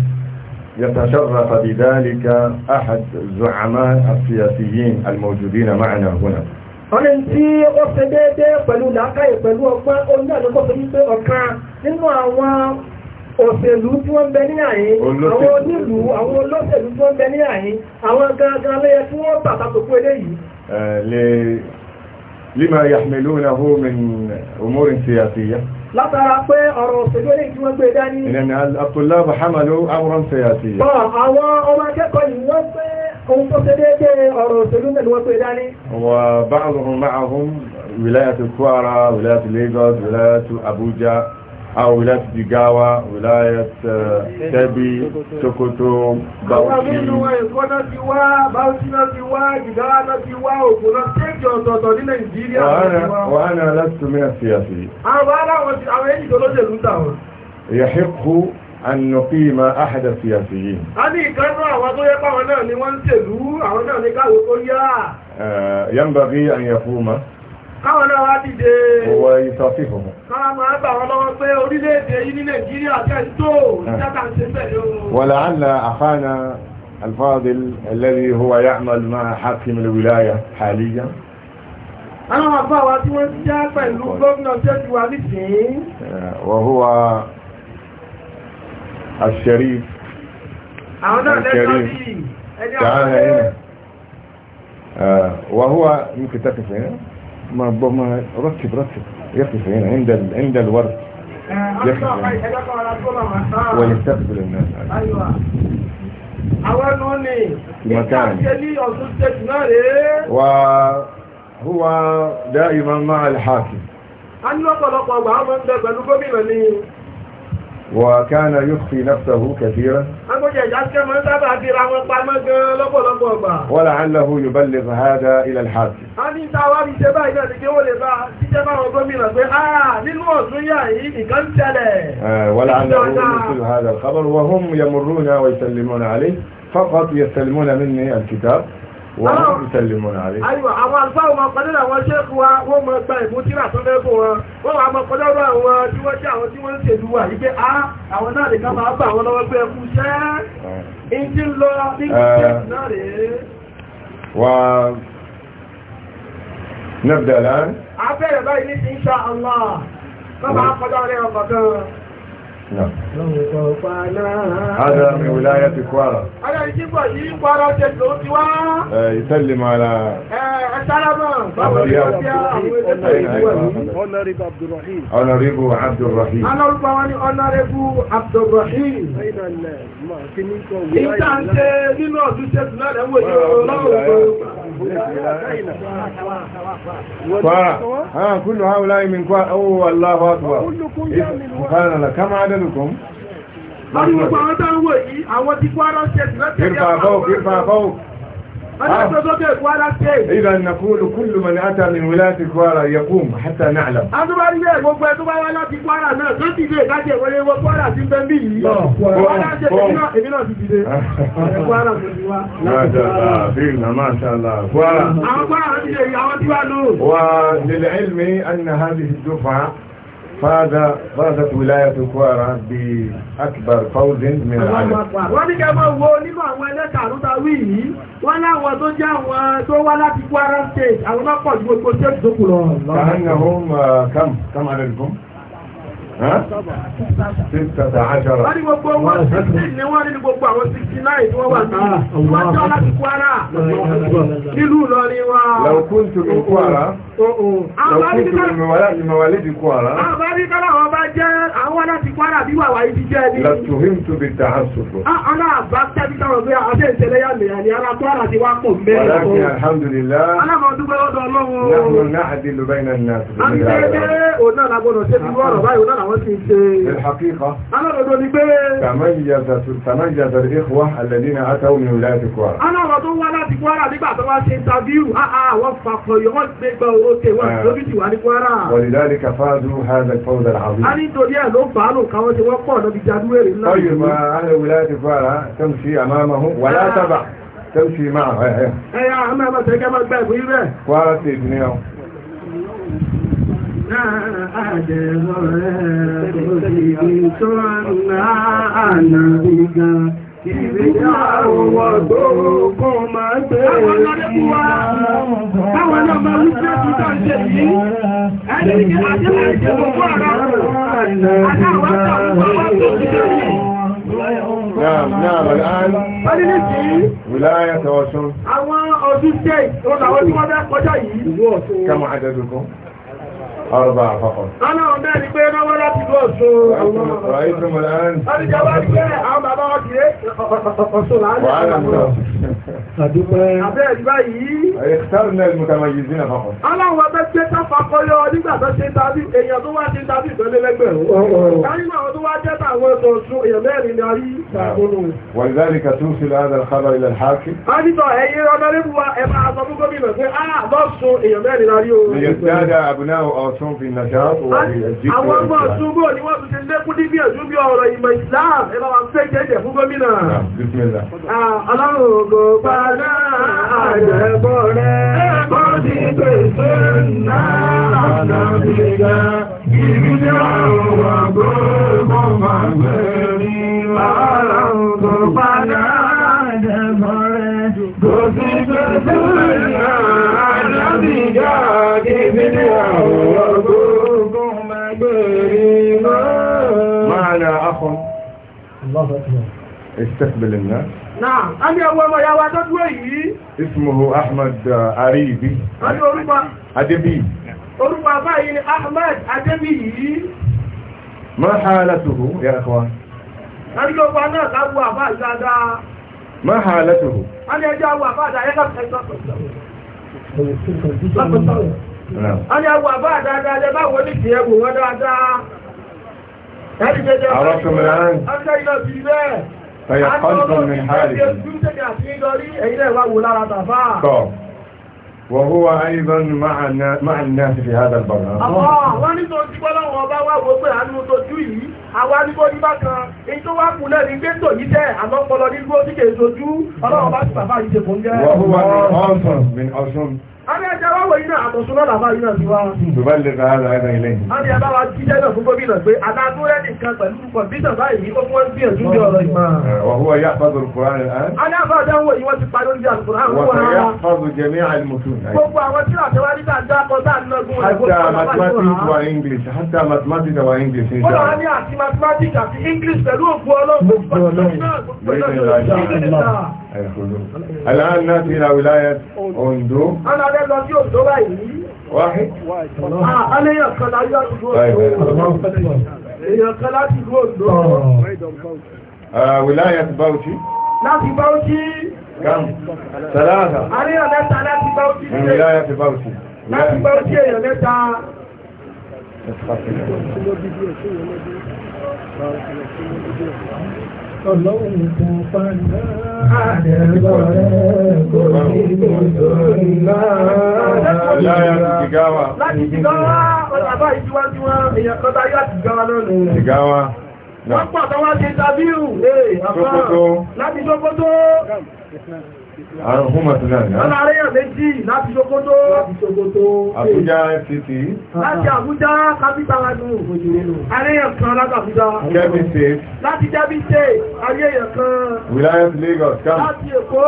يتشرف بذلك أحد زعماء السياسيين الموجودين معنا هنا ọ̀rẹ́ tí ó fẹ́ déédéé pẹ̀lú làákàyè pẹ̀lú ọgbọ́n onílẹ̀ àdókò tó ọ̀kan nínú àwọn òṣèlú tí wọ́n bẹ ní àyín àwọn onílùú àwọn olóṣèlú tí wọ́n bẹ ní àyín àwọn gangan lẹ́yẹ tí wọ́n pàtàkì kó eléyìí lima yahmilunahu min umurin siyasiyya látara pé ọ̀rọ̀ òṣèlérè tí wọ́n gbé dání. ìrìnà àtòlá bahamalu amran sayati. àwọn ọmọ akẹ́kọ̀ọ́ yìí wọ́n pé ohun tó ṣe déédéé ọ̀rọ̀ òṣèlú mẹ́lú wọ́n pé dání. أو ولاية جيغاوا ولاية تبي توكوتو باوكي وأنا لست من السياسيين آه، يحق أن نقيم أحد السياسيين آه، ينبغي أن يقوم káwọn náà wá dìde owó ìsọfífò mọ́ káwọn máa bà wọn lọ́wọ́ pé orílẹ̀-èdè yìí ní nàìjíríà kẹ́ńtò ìjátà ń ṣe pẹ̀lú ولعل أخانا الفاضل الذي هو يعمل مع حاكم الولاية حاليا àwọn àbá wa tí wọ́n jẹ́ pẹ̀lú gómìnà tẹ́jú wa nìsín وهو الشريف àwọn náà lẹ́tọ́ bí ẹni àwọn ẹ̀rẹ́ وهو يمكن تقف هنا ما ما رتب رتب يقف هنا عند عند الورد آه، ويستقبل الناس ايوه في مكان وهو دائما مع الحاكم وكان يخفي نفسه كثيرا ولعله يبلغ هذا إلى الحاكم آه، ولعله يرسل هذا الخبر وهم يمرون ويسلمون عليه فقط يستلمون مني الكتاب wọ́n mú ìtẹ̀lẹ̀ mọ̀ àárẹ̀. ayọ̀ àwọn àlùfáà ọmọ pẹ̀lú àwọn ṣẹ́kù wa wọ́n mọ gba ìbú tíra tó lẹ́kùn wọn wọ́n wà mọ pẹ̀lú ọ̀rọ̀ àwọn tí wọ́n jẹ́ àwọn tí wọ́n ń ṣèlú wa yìí pé á ah, àwọn náà lè ká máa bá àwọn lọ́wọ́ pé ẹkú iṣẹ́ ah. هذا من ولاية كوارا يسلم على أونريب عبد الرحيم أونريب عبد الرحيم أنا أولواني أونريب عبد الرحيم إنسان تنينو أدوشة لنا وجه الله kwara ha kullu haula min kwa oh wallahu akbar subhanallah kam adadukum Àwọn ọmọ ọ̀dọ́ wọ̀nyí, àwọn ti kwara ṣe ti lọ́tẹ̀lẹ́ àwọn ọmọ إذا نقول كل من أتى من ولاة كوارا يقوم حتى نعلم ما شاء الله كوارا وللعلم أن هذه الدفعة فهذا فازت ولاية كوارا بأكبر فوز من العالم wọ́n ní kẹ́ mọ́ wo nínú àwọn ẹlẹ́kàrún ta wí yìí wọ́n láwọn tó jẹ́ àwọn tó wá láti Kwara State àwọn mọ́pọ̀ ìgbòkó tí ó ti dókù lọ. kàánà ó kàm kàm àdàdìkún sísàtà àjọrọ̀. wọ́n ní gbogbo wọn sixteen ni wọ́n ní gbogbo àwọn sixty nine tí wọ́n wà ní wọ́n jọ láti Kwara nílùú Ìlọrin wa. lẹ́kùn tó ní Kwara lẹ́kùn tó ní ìmọ̀wálé di Kwara. àbárí kọ́lá wọn bá jẹ́ àwọn láti Kwara bí wàwá ibi jẹ́ ni. lẹ́tùhìm tó fi ta àṣùfò. ọ̀nà àbá tẹ́bí táwọn gbé abẹ́ ìṣẹ̀lẹ̀ yà lèyà ni ará Kwara ti wá pọ̀ mẹ́rin. wàlákin alhamdulillah. alámọ̀dúgbẹ́ lọ́dọ̀ ọlọ́run àwọn ti ṣe ìhàkíkọ́. alábọ̀dọ̀ ni pé tàmáyíyàzà ìhùwà alẹ́dínà àtàwọn mi láti Kwara. alábọ̀ tó wá láti Kwara nígbà tó wá ṣe interview àwọn ah, fàkọyọ ah, wọ́n ah. ti gbẹ́ òkè wọ́n ti lójú ti wà ní Kwara. wàlìdáàlì kàfáàdù hàzà fọ́ọ̀dà àbí. a ní torí ẹ̀ ló fà á lò káwọn ti wọ́pọ̀ lọ́bi jadúwèrè ńlá. ọyọ eh, eh. ma alẹ́wò láti Kwara tẹ́mùsí àmàmàhù wàlá tábà tẹ́mùsí máa. ẹ̀yà àmàmà tẹ́gẹ́ máa gbẹ́ ìbúyí bẹ́ẹ̀. Kwara ti ìdúnyàwó àdẹ̀rọ̀ rẹ̀ kò sì fi tó náà ànàbí gan. Ìgbéyàwó wọ́n tó kún máa bẹ̀rẹ̀ sí máa. Báwọn náà máa wípé títà ń jẹ yìí, ẹni kí á jẹ́ ẹ̀jẹ̀ mọ̀ fún ara rẹ̀. Àdáwọ̀ àtàwọn wọ́n tó ti jẹ́ yìí. نعم نعم الآن ولاية وشن كم عددكم؟ Ọba àpapọ̀. Ọ̀nà ọ̀dẹ́ ni pé náwó láti lọ sún àwọn ọ̀rọ̀ ìtumọ̀ láàrín. Ọdíjà wá ní pé àwọn bàbá wọ́n kìí ọ̀sùn láàrín. Àdúgbẹ́. Àbẹ́ ìgbà yìí. Ẹ̀kítàrù náà mú kàmà yìí sínú àpapọ̀. Ọlọ́run wọ́n bẹ́ ṣe tápá kọyọ nígbà tó ṣe tàbí èèyàn tó wá ṣe tàbí ìtọ́lélẹ́gbẹ̀rún. Oh, oh, oh. Káyínà àwọn tó wá jẹ́ tàwọn ẹ̀sọ̀ ọ̀sùn èèyàn mẹ́rin ni a rí. ولذلك توصل هذا الخبر إلى الحاكم. ليزداد أبناء أو tún fi nàṣà wà ní ẹ̀jí kò àwọn ọmọ ọ̀túnbọ̀ ni wọ́n tún ṣe lékún ní gbìyànjú bí ọ̀rọ̀ ìmọ̀ Islam ẹ bá wa fẹ́ jẹ́jẹ́ fún gómìnà ọlọ́run kò padà àjẹbọ rẹ kọ́ sí pèsè náà ọ̀nà ìgbà ìrìnlẹ̀ ọ̀rọ̀ wà gbogbo máa gbẹ̀rí ọlọ́run kò padà استقبل الناس نعم أنا أول ما يواجد ويهي اسمه أحمد عريبي أنا أربع أدبي أربع باين أحمد أدبي ما حالته يا إخوان أنا أربع ناس أبو أبا ما حالته أنا أجا أبو أبا Wọ́n ní àwọn àbá àdáadáa lẹ bá wọ́n ní ti ẹgbò wọ́n dáadáa. Ẹni jẹjẹ ọjọ́ ìlọ sí bẹ́ẹ̀. Ẹyẹ kọ́ وهو أيضا مع مع الناس في هذا البرنامج. الله wọ́n ní tó ti gbọ́dọ̀ wọn bá wá wọ́pẹ́ àánú tó ju yìí àwa ní bó ní bá kan èyí tó wá kú lẹ́ni gbé tò yí tẹ́ àmọ́ pọlọ ní bó ti kèé sojú ọlọ́run bá ti bàbá yìí ṣe kò ń jẹ́. وهو من أصل من أصل. Adé ẹja wá wòye náà àtọ̀sùn náà làbá yìí náà ti wá. Bùbá lè ra ara ẹ̀rọ ilé. Adé ẹja wa jíjẹ́ náà fún gómìnà pé Adágúnrẹ́ nìkan pẹ̀lú kọ̀m̀pútà báyìí ó fún ẹbí ẹ̀dún bí ọ̀rọ̀ ìmọ̀. Wàhúwa yá fàdùrù Kùránì. Adé àbá àdáwọ̀ yìí wọ́n ti parí oúnjẹ àlùkùránì. Wàhúwa yá fàdùrù jẹ̀mí àlùmùtù. Gbogbo àwọn tí àtẹwárí bá dákọ̀ bá lọ́gbọ̀n rẹ̀. Hátà mathematics wa English, hátà mathematics wa English ń ṣe. Ó wà ní àti mathematics àti English pẹ̀lú ògbó ọlọ́run. Gbogbo ọlọ́run. الآن نأتي إلى ولاية أوندو أنا لا نأتي أوندو واحد أنا يقل أيها أوندو يقل أيها أوندو ولاية باوتي láti Bauchi gam sàlàáta àríyàn mẹ́ta láti Bauchi ìrìnláyà ti Bauchi láti Bauchi èèyàn mẹ́ta Ọlọ́run tó pàdé àdẹ́gbọ̀rẹ́ kò ní ìlú ńlá. Láyá ti Jigawa. Láti Jigawa, ọjà bá ìjíwájú wọn, èèyàn kan bá yá Jigawa lónìí. Jigawa wọ́n pọ̀ tó wá ṣe tàbíù láti ṣókótó àrùn fún màtúnà ní àwọn aréyàn méjì láti ṣókótó àbújá títí láti àbújá kápítà wájú aréyàn kan láti àbújá láti jẹ́bí ṣe aréyàn kan wìláyẹ̀ Lagos láti èkó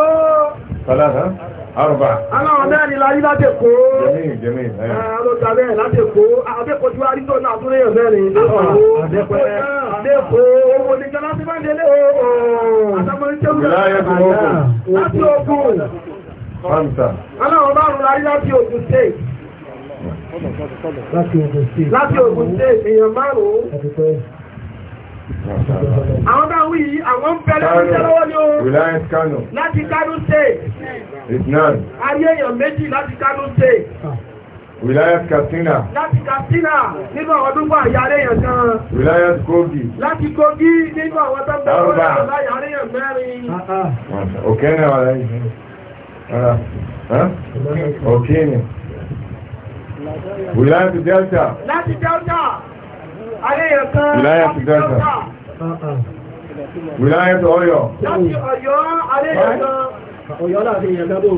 Àrùbà. Aláwọ̀ mẹ́rin la rí láti Èkó. Jẹ́mí, jẹ́mí. Àlọ́ta bẹ́ẹ̀ láti Èkó. Àbẹ́kọ̀ tí wá rí ah, tó náà túnlé mẹ́rin lẹ́kọ̀ọ́. Lẹ́kọ̀ọ́ owó ní jọlá ti bá délé ooo. Àtàmọ́rin tẹ́lú rẹ̀. Láti Ògùn. Fáńtà. Aláwọ̀ márùn la rí láti Ògùn State. Láti Ògùn State. Láti Ògùn State, èèyàn márùn-ún àwọn bá wí yìí àwọn ń bẹ̀rẹ̀ ìṣẹ́ lọ́wọ́ ní oòrùn Reliance Kano láti Kano State Isnan ayé èèyàn méjì láti Kano State Reliance Katsina láti Katsina nínú àwọn dúpọ̀ àyàrẹ́ èèyàn kan Reliance Kogi láti Kogi nínú àwọn tọ́gbọ̀ àyàrẹ́ èèyàn mẹ́rin ọ̀kẹ́ náà rẹ̀ ọ̀kẹ́ ni Reliance Delta láti Delta Wìláyà ti Delta. Wìláyà ti Ọ̀yọ́. Ọ̀yọ́ alẹ́yà kan. Ọ̀yọ́ láti èèyàn dábò.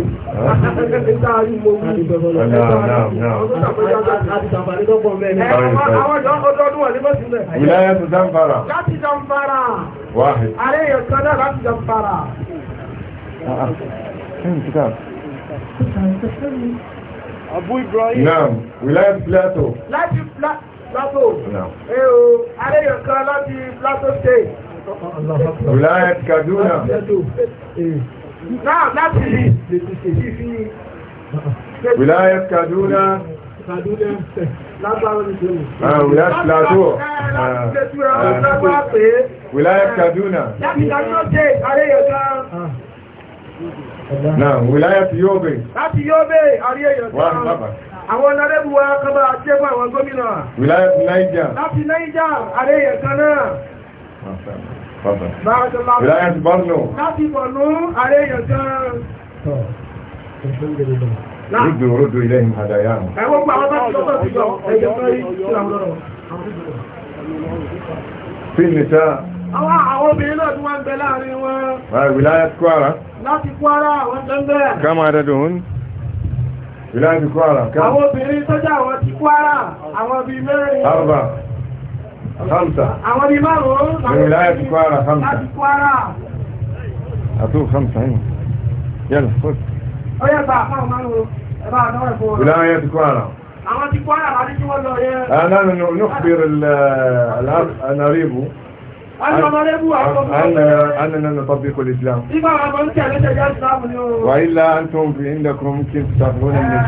Wìláyà ti Zamfara. Láti Zamfara. Wáhì. Alẹ́yà kan náà láti Zamfara. Abu ah, ah. Ibrahim. Naam, wìláyà ti Plateau. Láti Plateau. Plato. Ẹ o, aléyàn kan láti Plato State. Wùláyà Kaduna. Náà láti ìfì. Wùláyà Kaduna. Kaduna. Lágbàrá ní Jẹ́mù. Wùláyà Plato. Wùláyà Kaduna. Láti Kaduna State, aléyàn kan. Náà, wùláyà ti Yobe. Láti Yobe, aléyàn kan. Wà bàbá àwọn ọ̀nàrẹ́bù wa kọba àti ẹgbẹ́ àwọn gómìnà láti Naija àríyẹ kan náà Ìláyàtì Bọ́nù. Láti Bọ̀nù àríyẹ kan. Rígbè oródó ilẹ̀ ìhàdàyà. Ẹwọ́n pa àwọn bá ti lọ́tọ̀ sí lọ, ẹjọ́ tó rí sí àwọn ọ̀rọ̀. Fíìmì táà. Àwọn àwọn obìnrin náà tí wọ́n ń bẹ láàrin wọn. Wìláyàtì Kwara. Láti Kwara, wọ́n tẹ́ ń bẹ̀. Ká máa dẹ́dùn. ìlàjì kwara káà àwọn obìnrin tọ́jà àwọn ti kwara àwọn bíi mẹ́rin arba hamsa àwọn bíi márùn-ún ìlàjì kwara hamsa láti kwara àtúrò hamsa yìí yẹ́lẹ̀ fọ́tí ó yẹ́ bá àpá márùn-ún ẹ̀bá àtọ́wẹ̀ fún ìlàjì kwara àwọn ti kwara láti tí wọ́n lọ yẹ́ أننا نطبق الإسلام وإلا أنتم في عندكم كيف تفعلون النساء